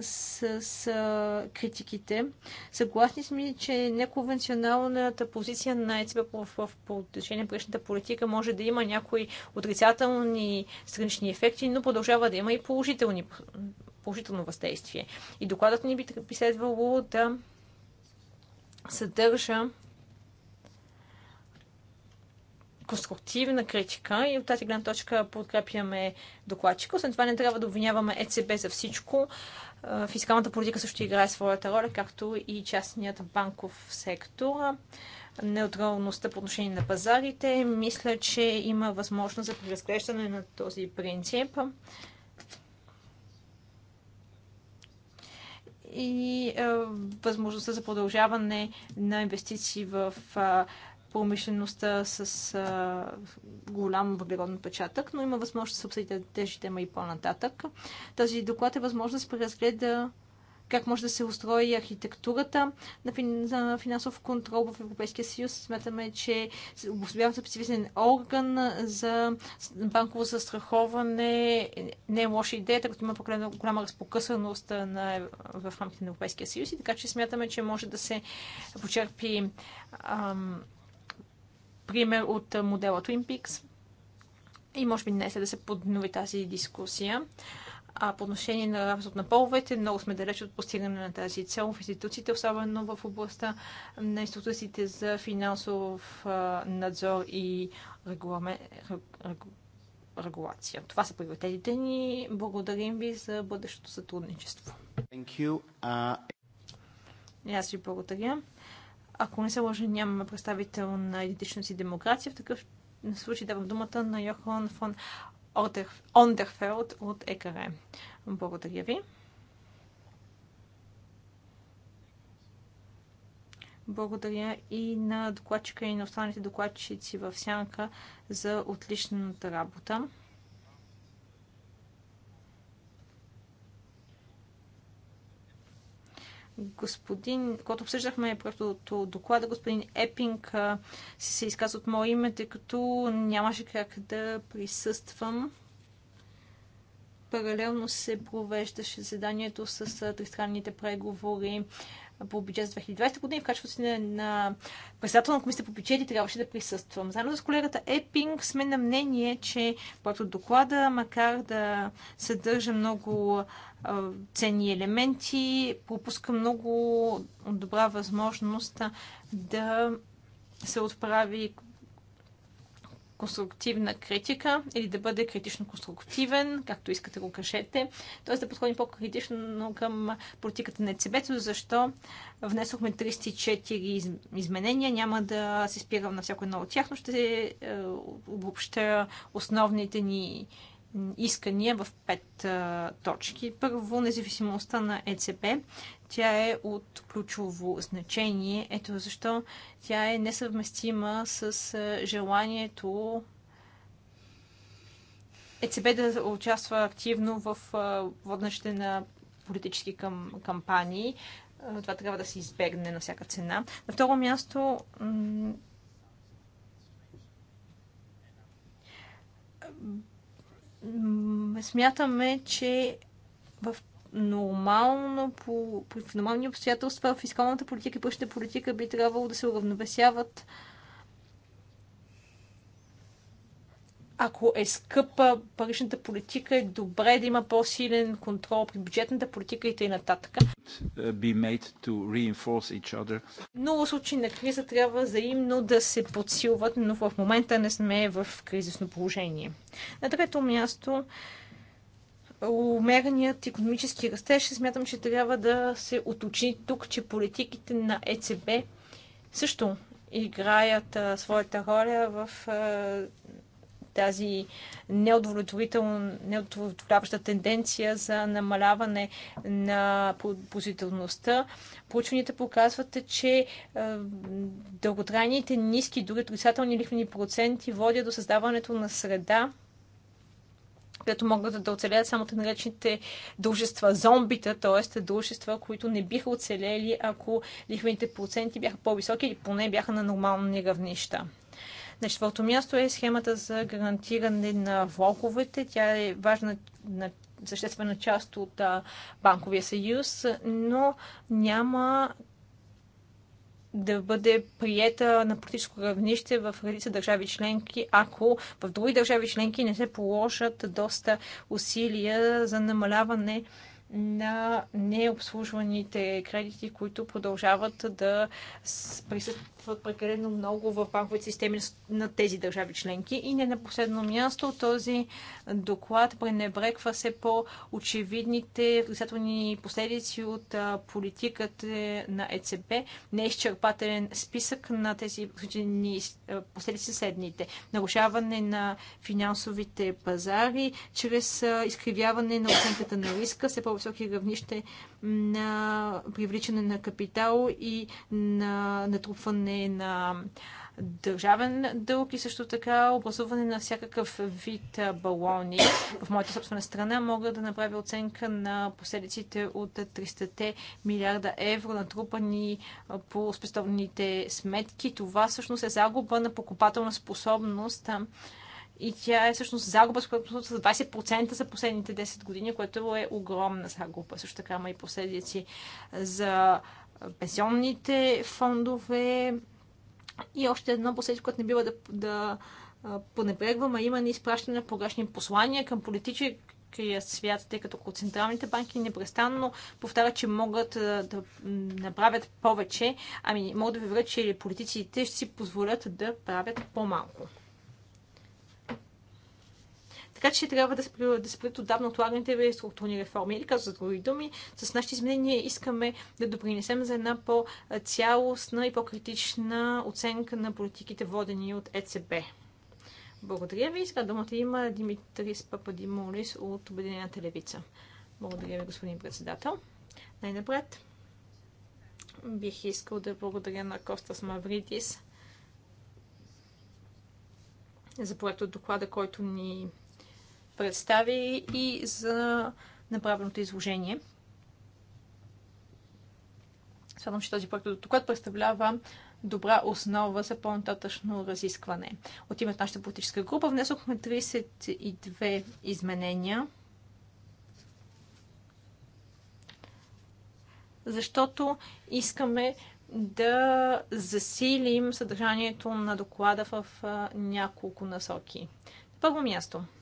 с, с критиките. Съгласни сме, че неконвенционалната позиция на ЕЦБ по, в, по отношение на предишната политика може да има някои отрицателни странични ефекти, но продължава да има и положителни, положително въздействие. И докладът ни би, би следвало да съдържа конструктивна критика и от тази гледна точка подкрепяме докладчика. Освен това не трябва да обвиняваме ЕЦБ за всичко. Фискалната политика също играе своята роля, както и частният банков сектор. Неутралността по отношение на пазарите. Мисля, че има възможност за преразглеждане на този принцип. и е, възможността за продължаване на инвестиции в е, промишлеността с а, голям въглероден печатък, но има възможност да се обсъдите тези тема и по-нататък. Този доклад е възможност да се преразгледа как може да се устрои архитектурата на, финансов контрол в Европейския съюз. Смятаме, че обособява специфичен орган за банково застраховане. Не е лоша идея, тъй като има прекалено голяма разпокъсаност на, в рамките на Европейския съюз. И така че смятаме, че може да се почерпи ам, пример от модела Twin Peaks. И може би днес е да се поднови тази дискусия. А по отношение на работа на половете, много сме далеч от постигане на тази цел в институциите, особено в областта на институциите за финансов надзор и регуламе... регулация. Това са приоритетите ни. Благодарим ви за бъдещото сътрудничество. Thank you. Uh... Аз ви благодаря. Ако не се лъжа, нямаме представител на идентичност и демокрация. В такъв случай давам думата на Йохан фон Ондерфелд от ЕКР. Благодаря ви. Благодаря и на докладчика и на останалите докладчици в Сянка за отличната работа. господин, когато обсъждахме проектото доклада, господин Епинг се изказа от мое име, тъй като нямаше как да присъствам. Паралелно се провеждаше заданието с тристранните преговори по бюджет за 2020 година и в качеството си на, на председател на комисията по бюджети трябваше да присъствам. Заедно с колегата Епинг сме на мнение, че проектът доклада, макар да съдържа много ценни елементи, пропуска много добра възможност да се отправи конструктивна критика или да бъде критично конструктивен, както искате го кажете. Т.е. да подходим по-критично към политиката на ЕЦБ, защо внесохме 34 изменения. Няма да се спирам на всяко едно от тях, но ще е, обобща основните ни искания в пет а, точки. Първо, независимостта на ЕЦП. Тя е от ключово значение. Ето защо тя е несъвместима с а, желанието ЕЦБ да участва активно в водначите на политически кампании. Това трябва да се избегне на всяка цена. На второ място смятаме, че в нормално, по, в нормални обстоятелства фискалната политика и пъщата политика би трябвало да се уравновесяват ако е скъпа паричната политика, е добре да има по-силен контрол при бюджетната политика и т.н. Uh, Много случаи на криза трябва взаимно да се подсилват, но в момента не сме в кризисно положение. На трето място, умереният економически растеж, смятам, че трябва да се уточни тук, че политиките на ЕЦБ също играят а, своята роля в а, тази неудовлетворяваща тенденция за намаляване на позитивността. Проучванията показват, че е, дълготрайните ниски, дори отрицателни лихвени проценти водят до създаването на среда, където могат да оцелят само те наречените дружества зомбита, т.е. дружества, които не биха оцелели, ако лихвените проценти бяха по-високи или поне бяха на нормални равнища. На четвърто място е схемата за гарантиране на влоговете. Тя е важна на съществена част от банковия съюз, но няма да бъде приета на политическо равнище в редица държави членки, ако в други държави членки не се положат доста усилия за намаляване на необслужваните кредити, които продължават да присъстват присъстват прекалено много в банковите системи на тези държави членки. И не на последно място този доклад пренебрегва се по очевидните отрицателни последици от политиката на ЕЦБ. Не е изчерпателен списък на тези последици следните. Нарушаване на финансовите пазари чрез изкривяване на оценката на риска, все по-високи равнище на привличане на капитал и на натрупване на държавен дълг и също така образуване на всякакъв вид балони. В моята собствена страна мога да направя оценка на последиците от 300 милиарда евро, натрупани по спестовните сметки. Това всъщност е загуба на покупателна способност и тя е всъщност загуба с 20% за последните 10 години, което е огромна загуба. Също така има и последици за пенсионните фондове и още едно последствие, което не бива да, да понебрегваме, има именно изпращане на погрешни послания към политически свят, тъй като централните банки непрестанно повтарят, че могат да направят повече, ами могат да ви връча, че политиците ще си позволят да правят по-малко. Така че трябва да, се да спрят отдавна отлаганите структурни реформи. Или казват други думи, с нашите изменения искаме да допринесем за една по-цялостна и по-критична оценка на политиките, водени от ЕЦБ. Благодаря ви. Сега думата има Димитрис Пападимолис от Обединената левица. Благодаря ви, господин председател. Най-напред бих искал да благодаря на Костас Мавридис за проекта от доклада, който ни представи и за направеното изложение. Смятам, че този проект доклад представлява добра основа за по-нататъчно разискване. От името на нашата политическа група внесохме 32 изменения, защото искаме да засилим съдържанието на доклада в няколко насоки. На първо място –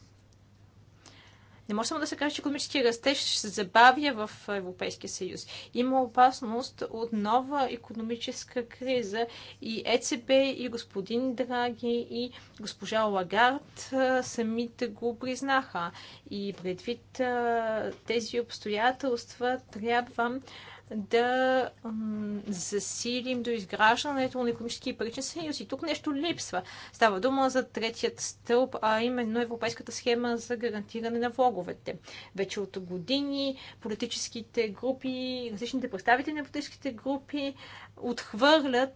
не може само да се каже, че економическия растеж ще се забавя в Европейския съюз. Има опасност от нова економическа криза и ЕЦБ, и господин Драги, и госпожа Лагард самите го признаха. И предвид тези обстоятелства трябва да засилим до изграждането на економически и паричен съюз. И тук нещо липсва. Става дума за третият стълб, а именно Европейската схема за гарантиране на влоговете. Вече от години политическите групи, различните представители на политическите групи отхвърлят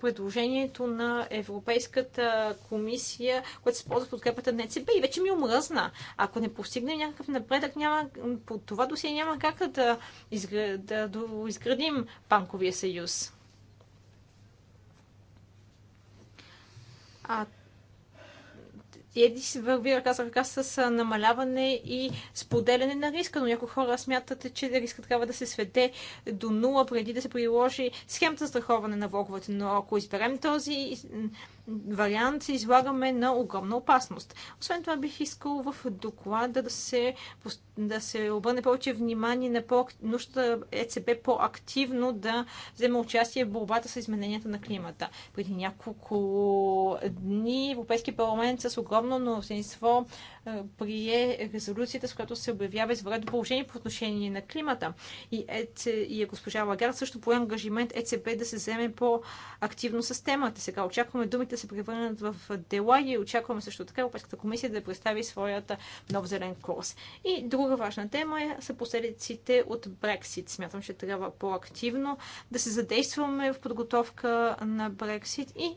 предложението на Европейската комисия, което се ползва подкрепата на ЕЦБ и вече ми омръзна. Ако не постигнем някакъв напредък, няма, по това досие няма как да, изгр... да, да изградим банковия съюз. А се върви ръка за ръка с намаляване и споделяне на риска, но някои хора смятат, че риска трябва да се сведе до нула преди да се приложи схемата за страховане на влоговете. Но ако изберем този вариант се излагаме на огромна опасност. Освен това бих искал в доклада да се, да се обърне повече внимание на по нужда ЕЦБ по-активно да взема участие в борбата с измененията на климата. Преди няколко дни Европейския парламент с огромно мнозинство е, прие резолюцията, с която се обявява извънредно положение по отношение на климата. И, ЕЦ, и госпожа Лагард също по ангажимент ЕЦБ да се вземе по-активно с темата. Сега очакваме думите да се превърнат в дела и очакваме също така Европейската комисия да представи своята нов зелен курс. И друга важна тема е, са последиците от Брексит. Смятам, че трябва по-активно да се задействаме в подготовка на Брексит и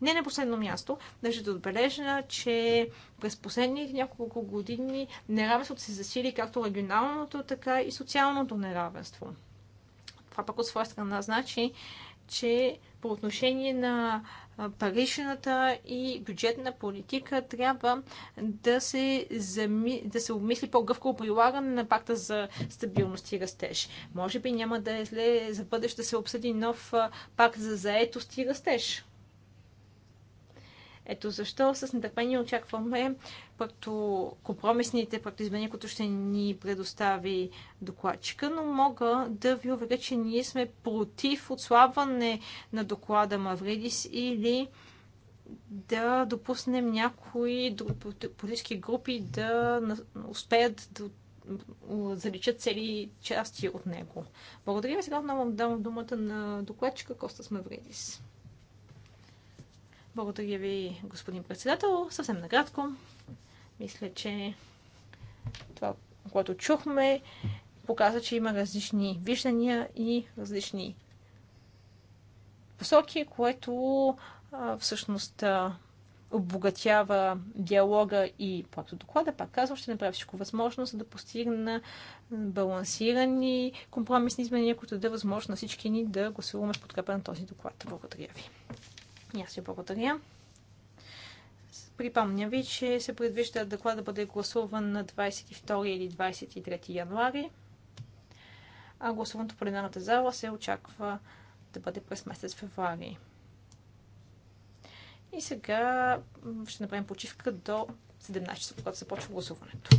не на последно място, държа да отбележа, че през последните няколко години неравенството се засили както регионалното, така и социалното неравенство. Това пък от своя страна значи, че по отношение на паричната и бюджетна политика трябва да се, зами... да се обмисли по-гъвко прилагане на пакта за стабилност и растеж. Може би няма да е зле за бъдеще да се обсъди нов пакт за заетост и растеж. Ето защо с нетърпение очакваме проекто, компромисните проектоизменения, които ще ни предостави докладчика, но мога да ви уверя, че ние сме против отслабване на доклада Мавридис или да допуснем някои политически групи да успеят да заличат цели части от него. Благодаря ви. Сега отново дам думата на докладчика Костас Мавридис. Благодаря ви, господин председател. Съвсем накратко. Мисля, че това, което чухме, показва, че има различни виждания и различни посоки, което а, всъщност а, обогатява диалога и проекто доклада. Пак казвам, ще направя всичко възможно, за да постигна балансирани компромисни изменения, които да е възможно на всички ни да гласуваме в подкрепа на този доклад. Благодаря ви. И аз ви благодаря. Припомня ви, че се предвижда доклад да бъде гласуван на 22 или 23 януари, а гласуването в пленарната зала се очаква да бъде през месец февруари. И сега ще направим почивка до 17 часа, когато започва гласуването.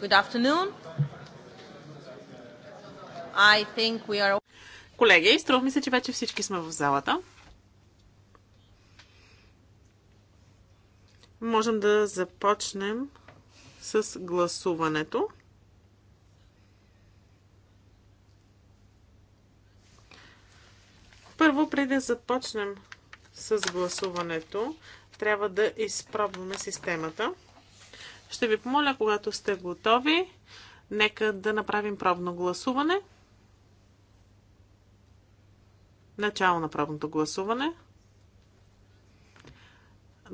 Good afternoon. I think we are... Колеги, струва ми се, че вече всички сме в залата. Можем да започнем с гласуването. Първо, преди да започнем с гласуването, трябва да изпробваме системата. Ще ви помоля, когато сте готови, нека да направим пробно гласуване. Начало на пробното гласуване.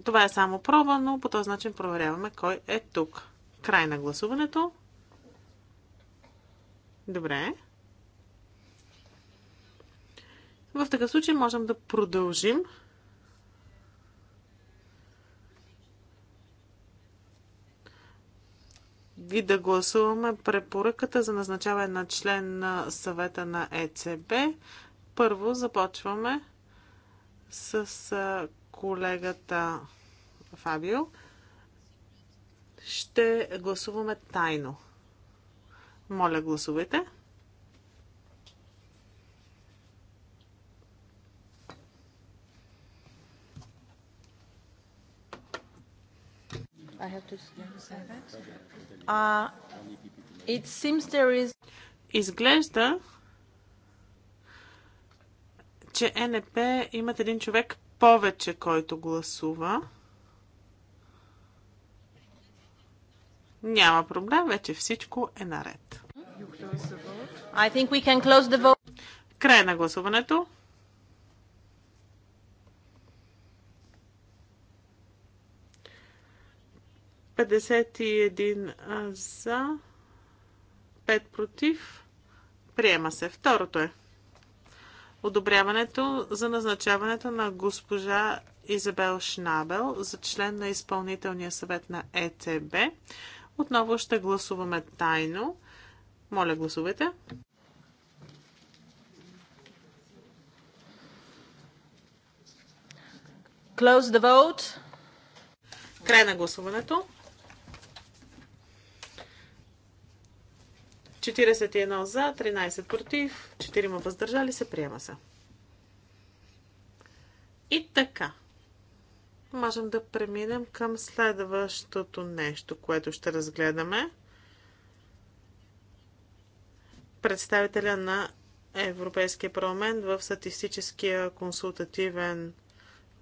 Това е само проба, но по този начин проверяваме кой е тук. Край на гласуването. Добре. В такъв случай можем да продължим и да гласуваме препоръката за назначаване на член на съвета на ЕЦБ. Първо започваме с колегата Фабио. Ще гласуваме тайно. Моля, гласувайте. I have to say that. Uh, it seems there is... Изглежда, че НП имат един човек повече, който гласува. Няма проблем, вече всичко е наред. I think we can close the vote. Край на гласуването. 51 за, 5 против. Приема се. Второто е одобряването за назначаването на госпожа Изабел Шнабел за член на изпълнителния съвет на ЕЦБ. Отново ще гласуваме тайно. Моля, гласувайте. Close the vote. Край на гласуването. 41 за, 13 против, 4 въздържали се, приема се. И така. Можем да преминем към следващото нещо, което ще разгледаме. Представителя на Европейския парламент в статистическия консултативен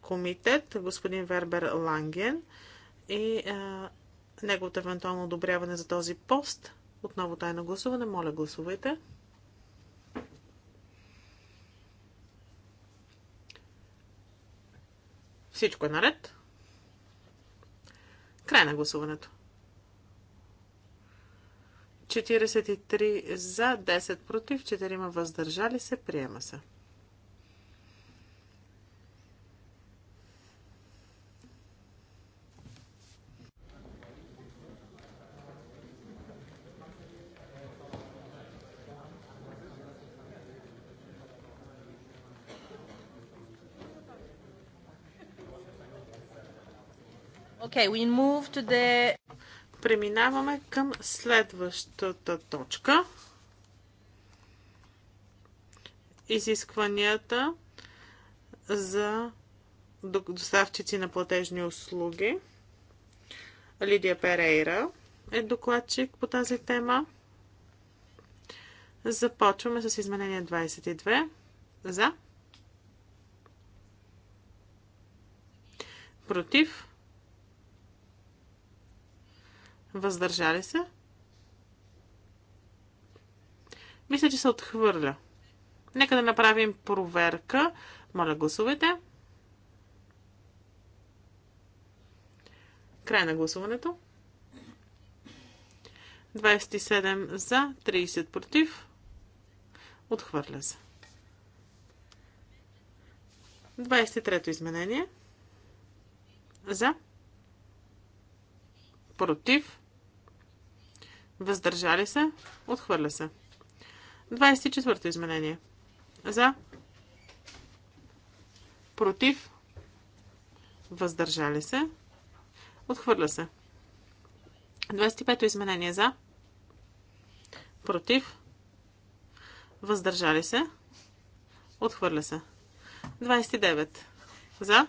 комитет, господин Вербер Ланген и а, неговото евентуално одобряване за този пост – отново тайно гласуване. Моля, гласувайте. Всичко е наред. Край на гласуването. 43 за, 10 против, 4 въздържали се, приема се. Okay, we move to the... Преминаваме към следващата точка. Изискванията за доставчици на платежни услуги. Лидия Перейра е докладчик по тази тема. Започваме с изменение 22. За. Против. Въздържали се? Мисля, че се отхвърля. Нека да направим проверка. Моля, гласувайте. Край на гласуването. 27 за, 30 против. Отхвърля се. 23-то изменение. За. Против. Въздържали се. Отхвърля се. 24-то изменение. За. Против. Въздържали се. Отхвърля се. 25-то изменение. За. Против. Въздържали се. Отхвърля се. 29. За.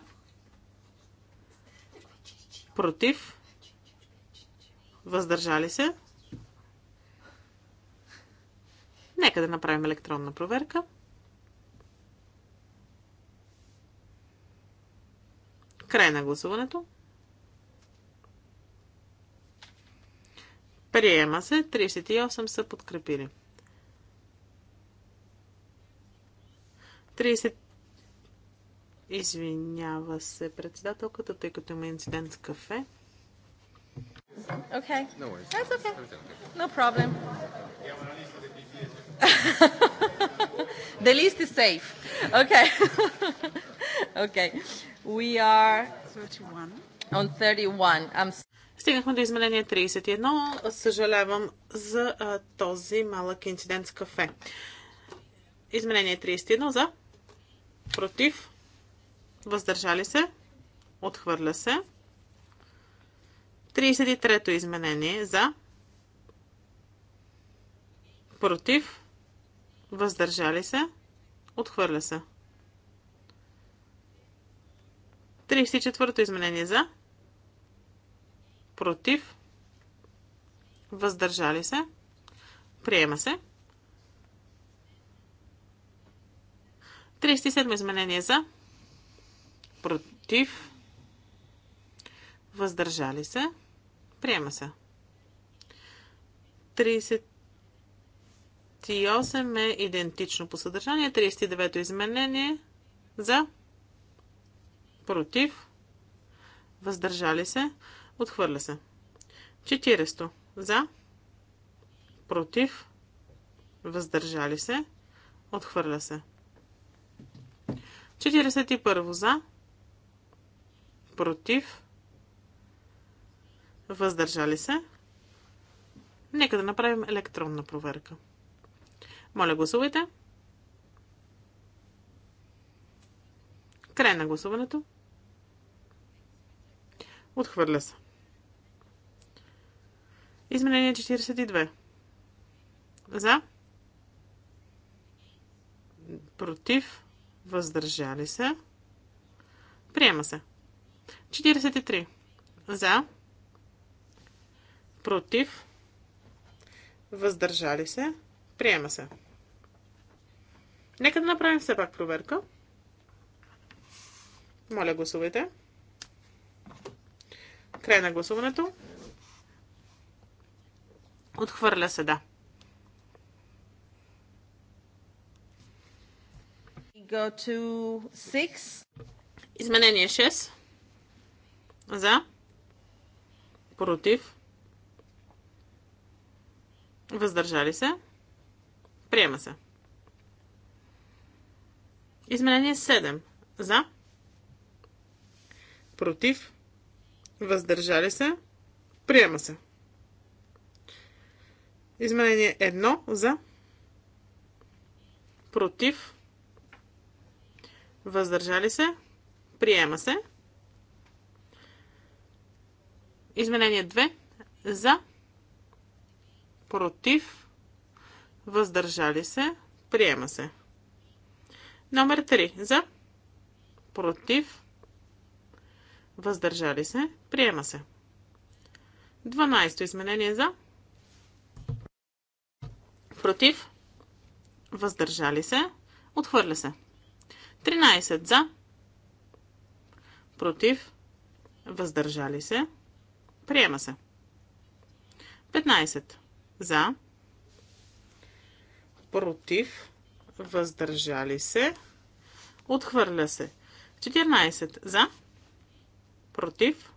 Против. Въздържали се. Нека да направим електронна проверка. Край на гласуването. Приема се. 38 са подкрепили. 30... Извинява се председателката, тъй като има инцидент с кафе. Okay. No worries. That's okay. No problem. the list is safe. Okay. okay. We are 31. on 31. I'm... Стигнахме до изменение 31. Съжалявам за а, този малък инцидент с кафе. Измерение 31 за против, въздържали се, отхвърля се. 33-то изменение за против въздържали се отхвърля се. 34-то изменение за против въздържали се приема се. 37 изменение за против въздържали се Приема се. 38 е идентично по съдържание. 39-то изменение за против въздържали се отхвърля се. 40 за против въздържали се отхвърля се. 41 за против Въздържали се? Нека да направим електронна проверка. Моля, гласувайте. Край на гласуването. Отхвърля се. Изменение 42. За. Против. Въздържали се. Приема се. 43. За против, въздържали се, приема се. Нека да направим все пак проверка. Моля, гласувайте. Край на гласуването. Отхвърля се, да. Go to six. Изменение 6. За. Против. Въздържали се. Приема се. Изменение 7. За. Против. Въздържали се. Приема се. Изменение 1. За. Против. Въздържали се. Приема се. Изменение 2. За. Против против, въздържали се, приема се. Номер 3 за, против, въздържали се, приема се. 12 изменение за, против, въздържали се, отхвърля се. 13 за, против, въздържали се, приема се. 15 за, против, въздържали се, отхвърля се. 14 за, против,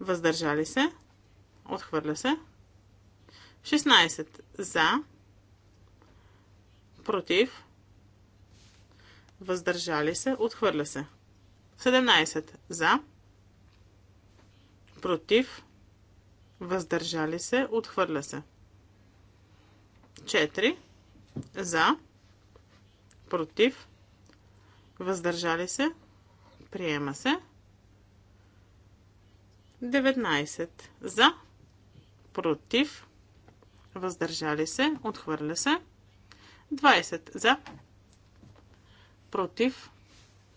въздържали се, отхвърля се. 16 за, против, въздържали се, отхвърля се. 17 за, против, въздържали се, отхвърля се. 4 за, против, въздържали се, приема се. 19 за, против, въздържали се, отхвърля се. 20 за, против,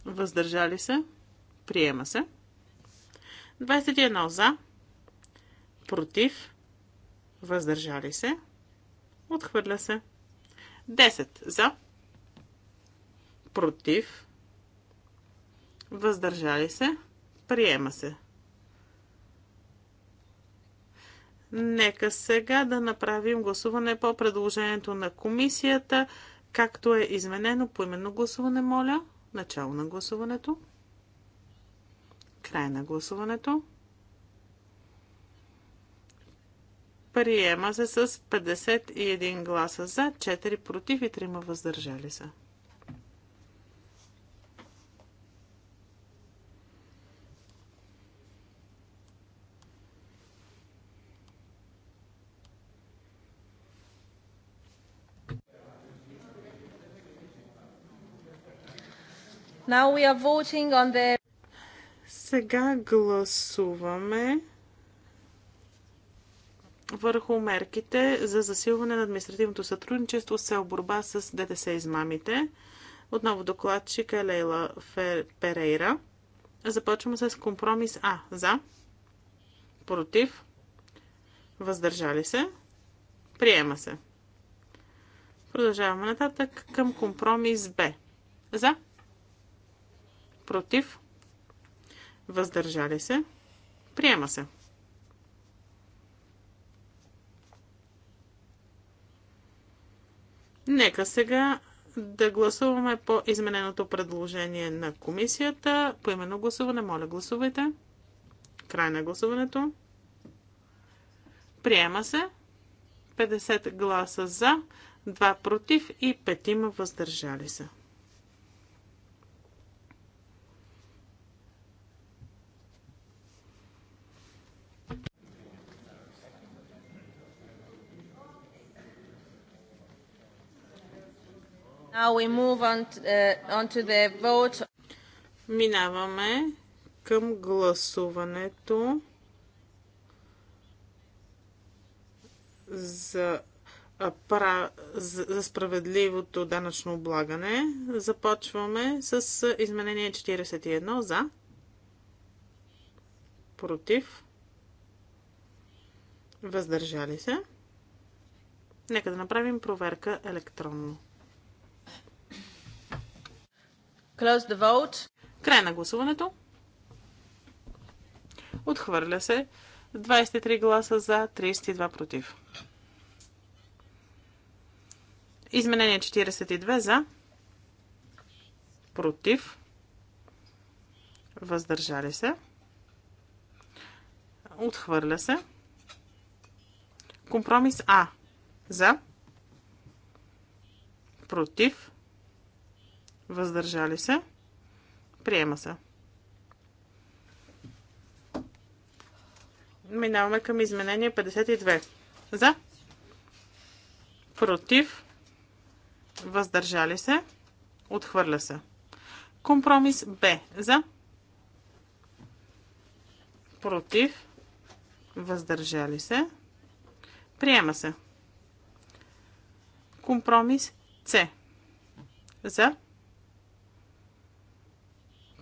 въздържали се, приема се. 21 за, против, въздържали се, отхвърля се. 10 за, против, въздържали се, приема се. Нека сега да направим гласуване по предложението на комисията, както е изменено по именно гласуване, моля. Начало на гласуването. Край на гласуването. Приема се с 51 гласа за, 4 против и 3 въздържали са. The... Сега гласуваме върху мерките за засилване на административното сътрудничество с цел борба с ДДС измамите. Отново докладчика е Лейла Перейра. Започваме с компромис А. За. Против. Въздържали се. Приема се. Продължаваме нататък към компромис Б. За. Против. Въздържали се. Приема се. Нека сега да гласуваме по измененото предложение на комисията. По именно гласуване, моля гласувайте. Край на гласуването. Приема се. 50 гласа за, 2 против и 5 въздържали се. Uh, Минаваме към гласуването за, за, за справедливото данъчно облагане. Започваме с изменение 41 за против въздържали се. Нека да направим проверка електронно. Close the vote. Край на гласуването. Отхвърля се. 23 гласа за, 32 против. Изменение 42 за, против, въздържали се, отхвърля се. Компромис А за, против, въздържали се, приема се. Минаваме към изменение 52. За, против, въздържали се, отхвърля се. Компромис Б. За, против, въздържали се, приема се. Компромис С. За, против,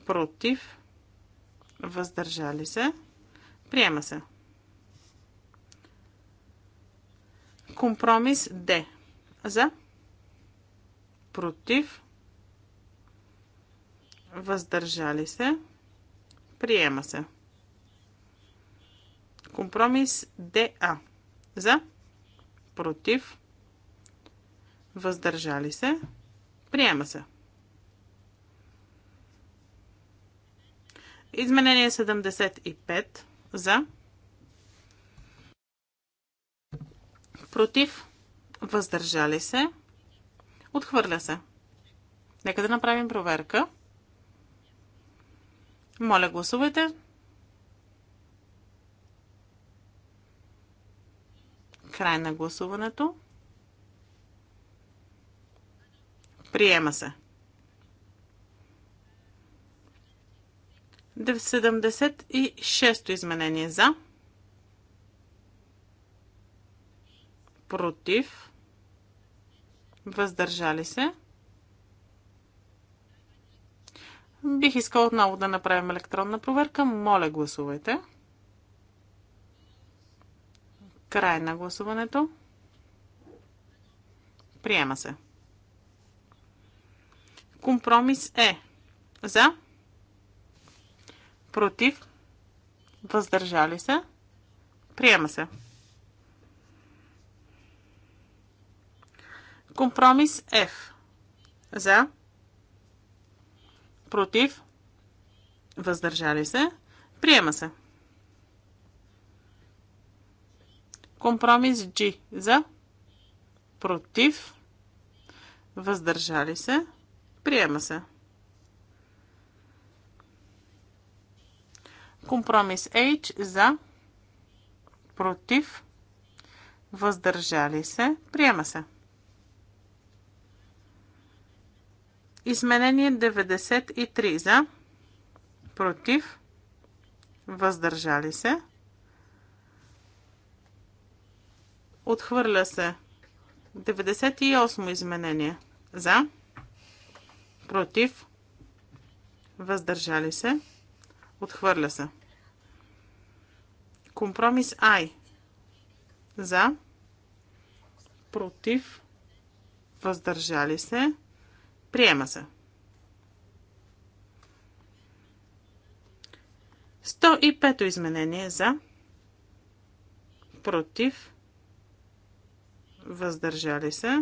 против, въздържали се, приема се. Компромис Д. За, против, въздържали се, приема се. Компромис ДА. За, против, въздържали се, приема се. Изменение 75 за. Против. Въздържали се. Отхвърля се. Нека да направим проверка. Моля, гласувайте. Край на гласуването. Приема се. 76-то изменение за. Против. Въздържали се. Бих искал отново да направим електронна проверка. Моля, гласувайте. Край на гласуването. Приема се. Компромис е за против, въздържали се, приема се. Компромис F. За, против, въздържали се, приема се. Компромис G. За, против, въздържали се, приема се. Компромис H за, против, въздържали се, приема се. Изменение 93 за, против, въздържали се, отхвърля се. 98 изменение за, против, въздържали се. Отхвърля се. Компромис Ай. За. Против. Въздържали се. Приема се. 105-то изменение за. Против. Въздържали се.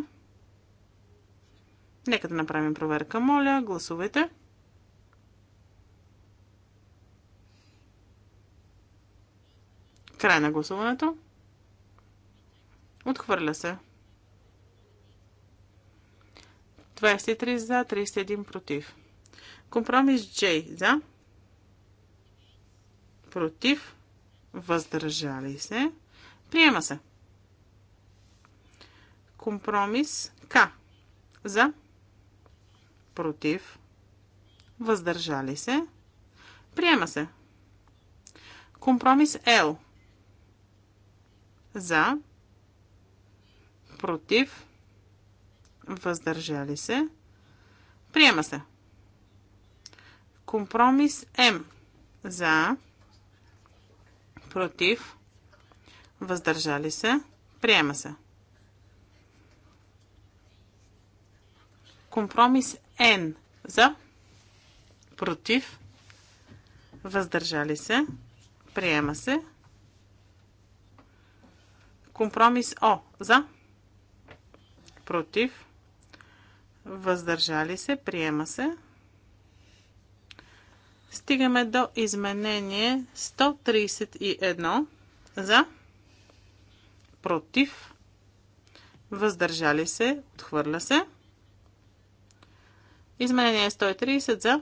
Нека да направим проверка, моля. Гласувайте. Край на гласуването. Отхвърля се. 23 за, 31 против. Компромис J за. Против. Въздържали се. Приема се. Компромис К за. Против. Въздържали се. Приема се. Компромис L за, против, въздържали се, приема се. Компромис М за, против, въздържали се, приема се. Компромис Н за, против, въздържали се, приема се. Компромис О. За. Против. Въздържали се. Приема се. Стигаме до изменение 131. За. Против. Въздържали се. Отхвърля се. Изменение 130 за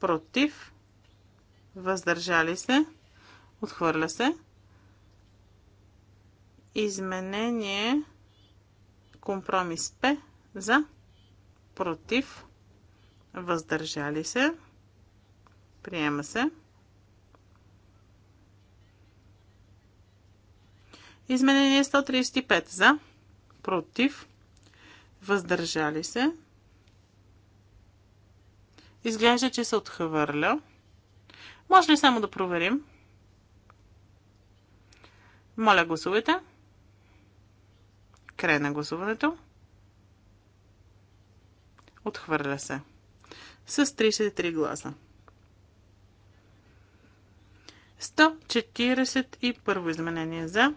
против, въздържали се, отхвърля се. Изменение компромис П за против въздържали се приема се Изменение 135 за против въздържали се Изглежда, че се отхвърля. Може ли само да проверим? Моля, гласувайте. Край на гласуването. Отхвърля се. С 33 гласа. 141 изменение за,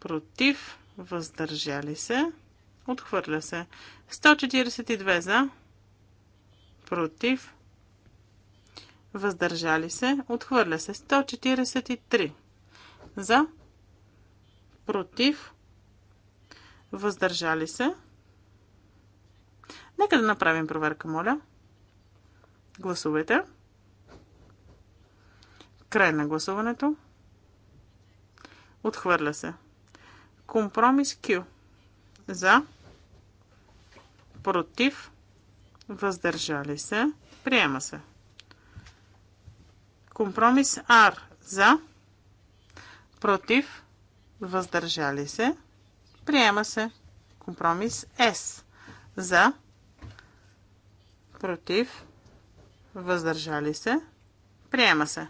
против, въздържали се, отхвърля се. 142 за, против, въздържали се, отхвърля се. 143 за, против, въздържали се. Нека да направим проверка, моля. Гласувайте. Край на гласуването. Отхвърля се. Компромис Q. За. Против. Въздържали се. Приема се. Компромис R. За. Против. Въздържали се. Приема се. Компромис С. За. Против. Въздържали се. Приема се.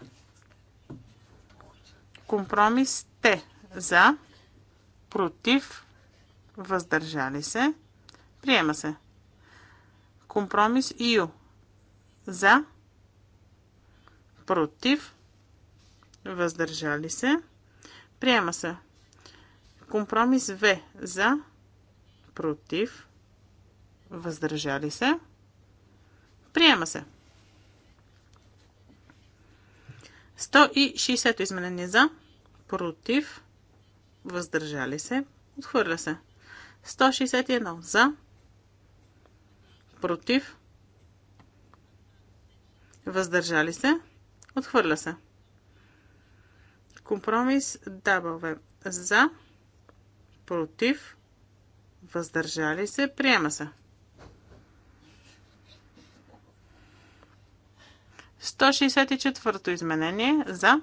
Компромис Т. За. Против. Въздържали се. Приема се. Компромис Ю. За. Против. Въздържали се. Приема се. Компромис В за, против, въздържали се, приема се. 160 изменение за, против, въздържали се, отхвърля се. 161 за, против, въздържали се, отхвърля се. Компромис W за, против, против, въздържали се, приема се. 164-то изменение за,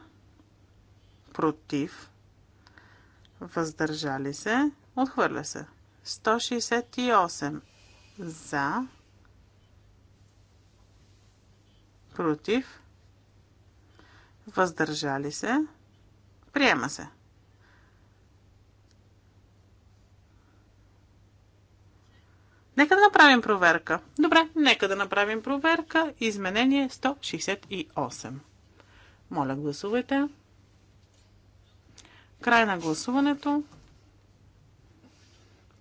против, въздържали се, отхвърля се. 168 за, против, въздържали се, приема се. Нека да направим проверка. Добре, нека да направим проверка. Изменение 168. Моля, гласувайте. Край на гласуването.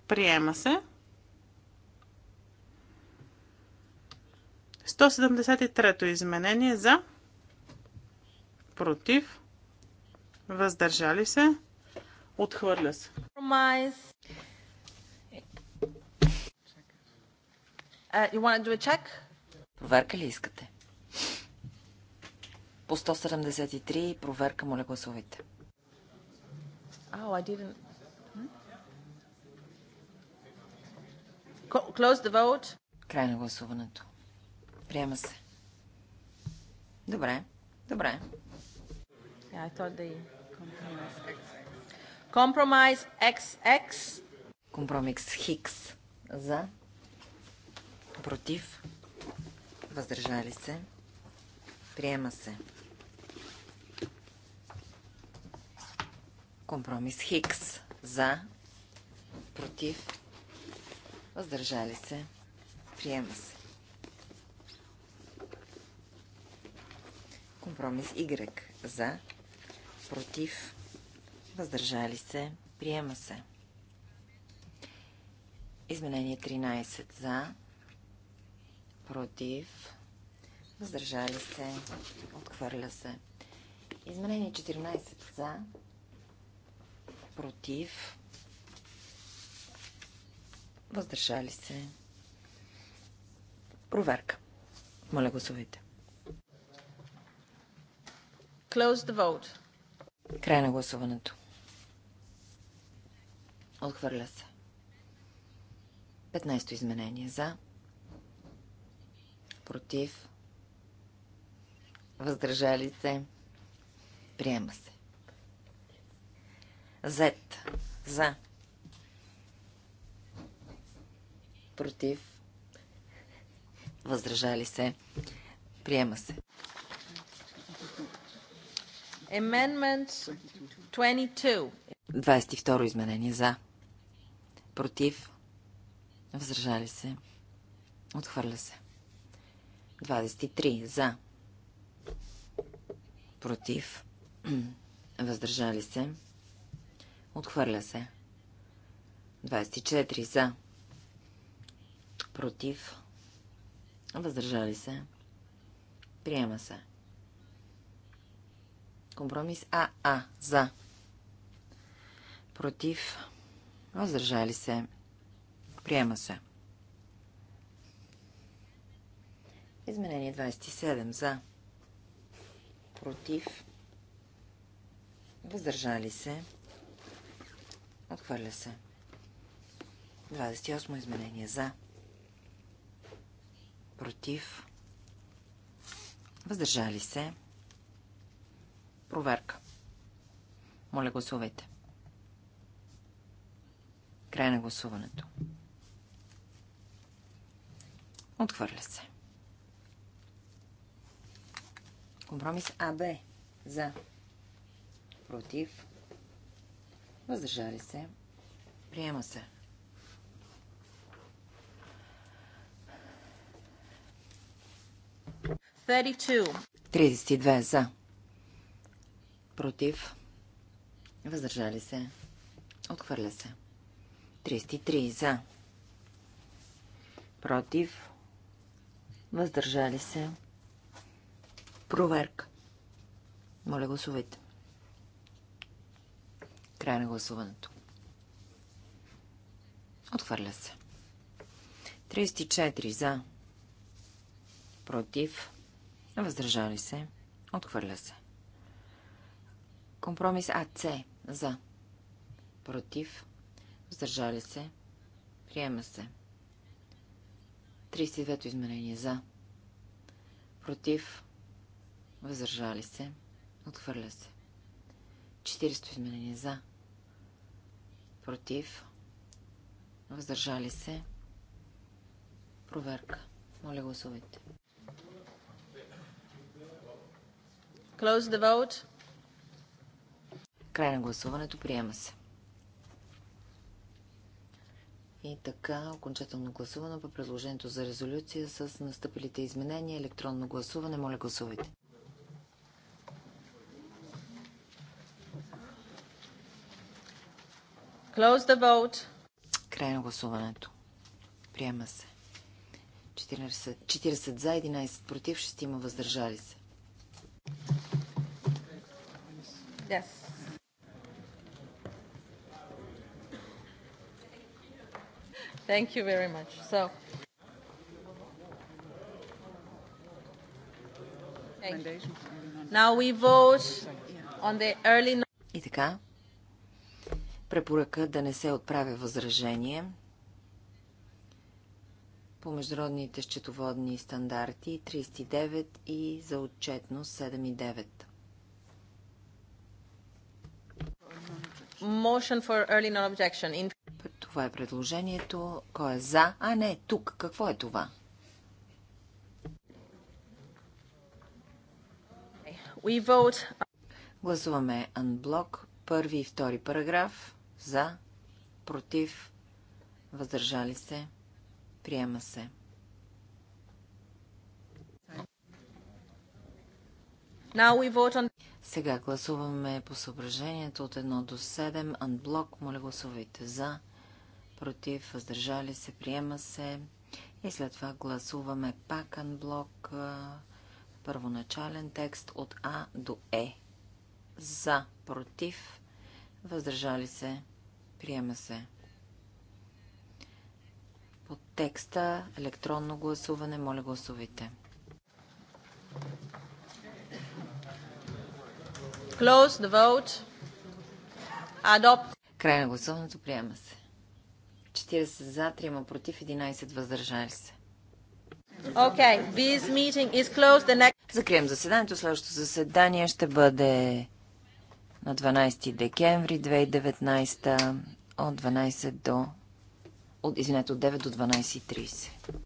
Приема се. 173-то изменение за против въздържали се отхвърля се. you want to do a check? Проверка ли искате? По 173 проверка, моля гласувайте. Oh, I didn't... Hmm? Close the vote. Край на гласуването. Приема се. Добре, добре. Yeah, I thought they... Compromise XX. Компромис Хикс. За. Против. Въздържали се. Приема се. Компромис Хикс. За. Против. Въздържали се. Приема се. Компромис Y. За. Против. Въздържали се. Приема се. Изменение 13. За против, въздържали се, отхвърля се. Изменение 14 за, против, въздържали се. Проверка. Моля, гласувайте. Close the vote. Край на гласуването. Отхвърля се. 15-то изменение за против, въздържали се, приема се. Z. За. Против. Въздържали се. Приема се. Amendment 22. 22 изменение за. Против. Въздържали се. Отхвърля се. 23 за. Против. Въздържали се. Отхвърля се. 24 за. Против. Въздържали се. Приема се. Компромис АА. За. Против. Въздържали се. Приема се. Изменение 27 за. Против. Въздържали се. Отхвърля се. 28 изменение за. Против. Въздържали се. Проверка. Моля гласувайте. Край на гласуването. Отхвърля се. Компромис АБ за против. Въздържали се. Приема се. Тридесет и две за. Против. Въздържали се. Отхвърля се. 33 за. Против. Въздържали се. Проверка. Моля, гласувайте. Край на гласуването. Отхвърля се. 34 за. Против. Въздържали се. Отхвърля се. Компромис АЦ. За. Против. Въздържали се. Приема се. 32 изменение. За. Против. Въздържали се. Отхвърля се. 400 изменени за. Против. Въздържали се. Проверка. Моля гласувайте. Close the vote. Край на гласуването. Приема се. И така, окончателно гласуване по предложението за резолюция с настъпилите изменения, електронно гласуване. Моля гласувайте. Close the vote. Край на гласуването. Приема се. 40, 40 за, 11 против, 6 има въздържали се. Yes. Thank you very much. So, now we vote on the early... И така, препоръка да не се отправя възражение по международните счетоводни стандарти 39 и за отчетно 7 и 9. Motion for early non-objection. Това е предложението. Кой е за? А не, тук. Какво е това? We vote... Гласуваме анблок. Първи и втори параграф. За. Против. Въздържали се. Приема се. Сега гласуваме по съображението от 1 до 7. Анблок, моля гласувайте за, против, въздържали се, приема се. И след това гласуваме пак анблок, първоначален текст от А до Е. За, против, въздържали се, Приема се. Под текста електронно гласуване. Моля гласувайте. Close the vote. Adopt. Край на гласуването. Приема се. 40 за, 3 против, 11 въздържали се. Okay, this meeting is closed. The next... Закрием заседанието. Следващото заседание ще бъде на 12 декември 2019 от 12 до... От, извинете, от 9 до 12.30.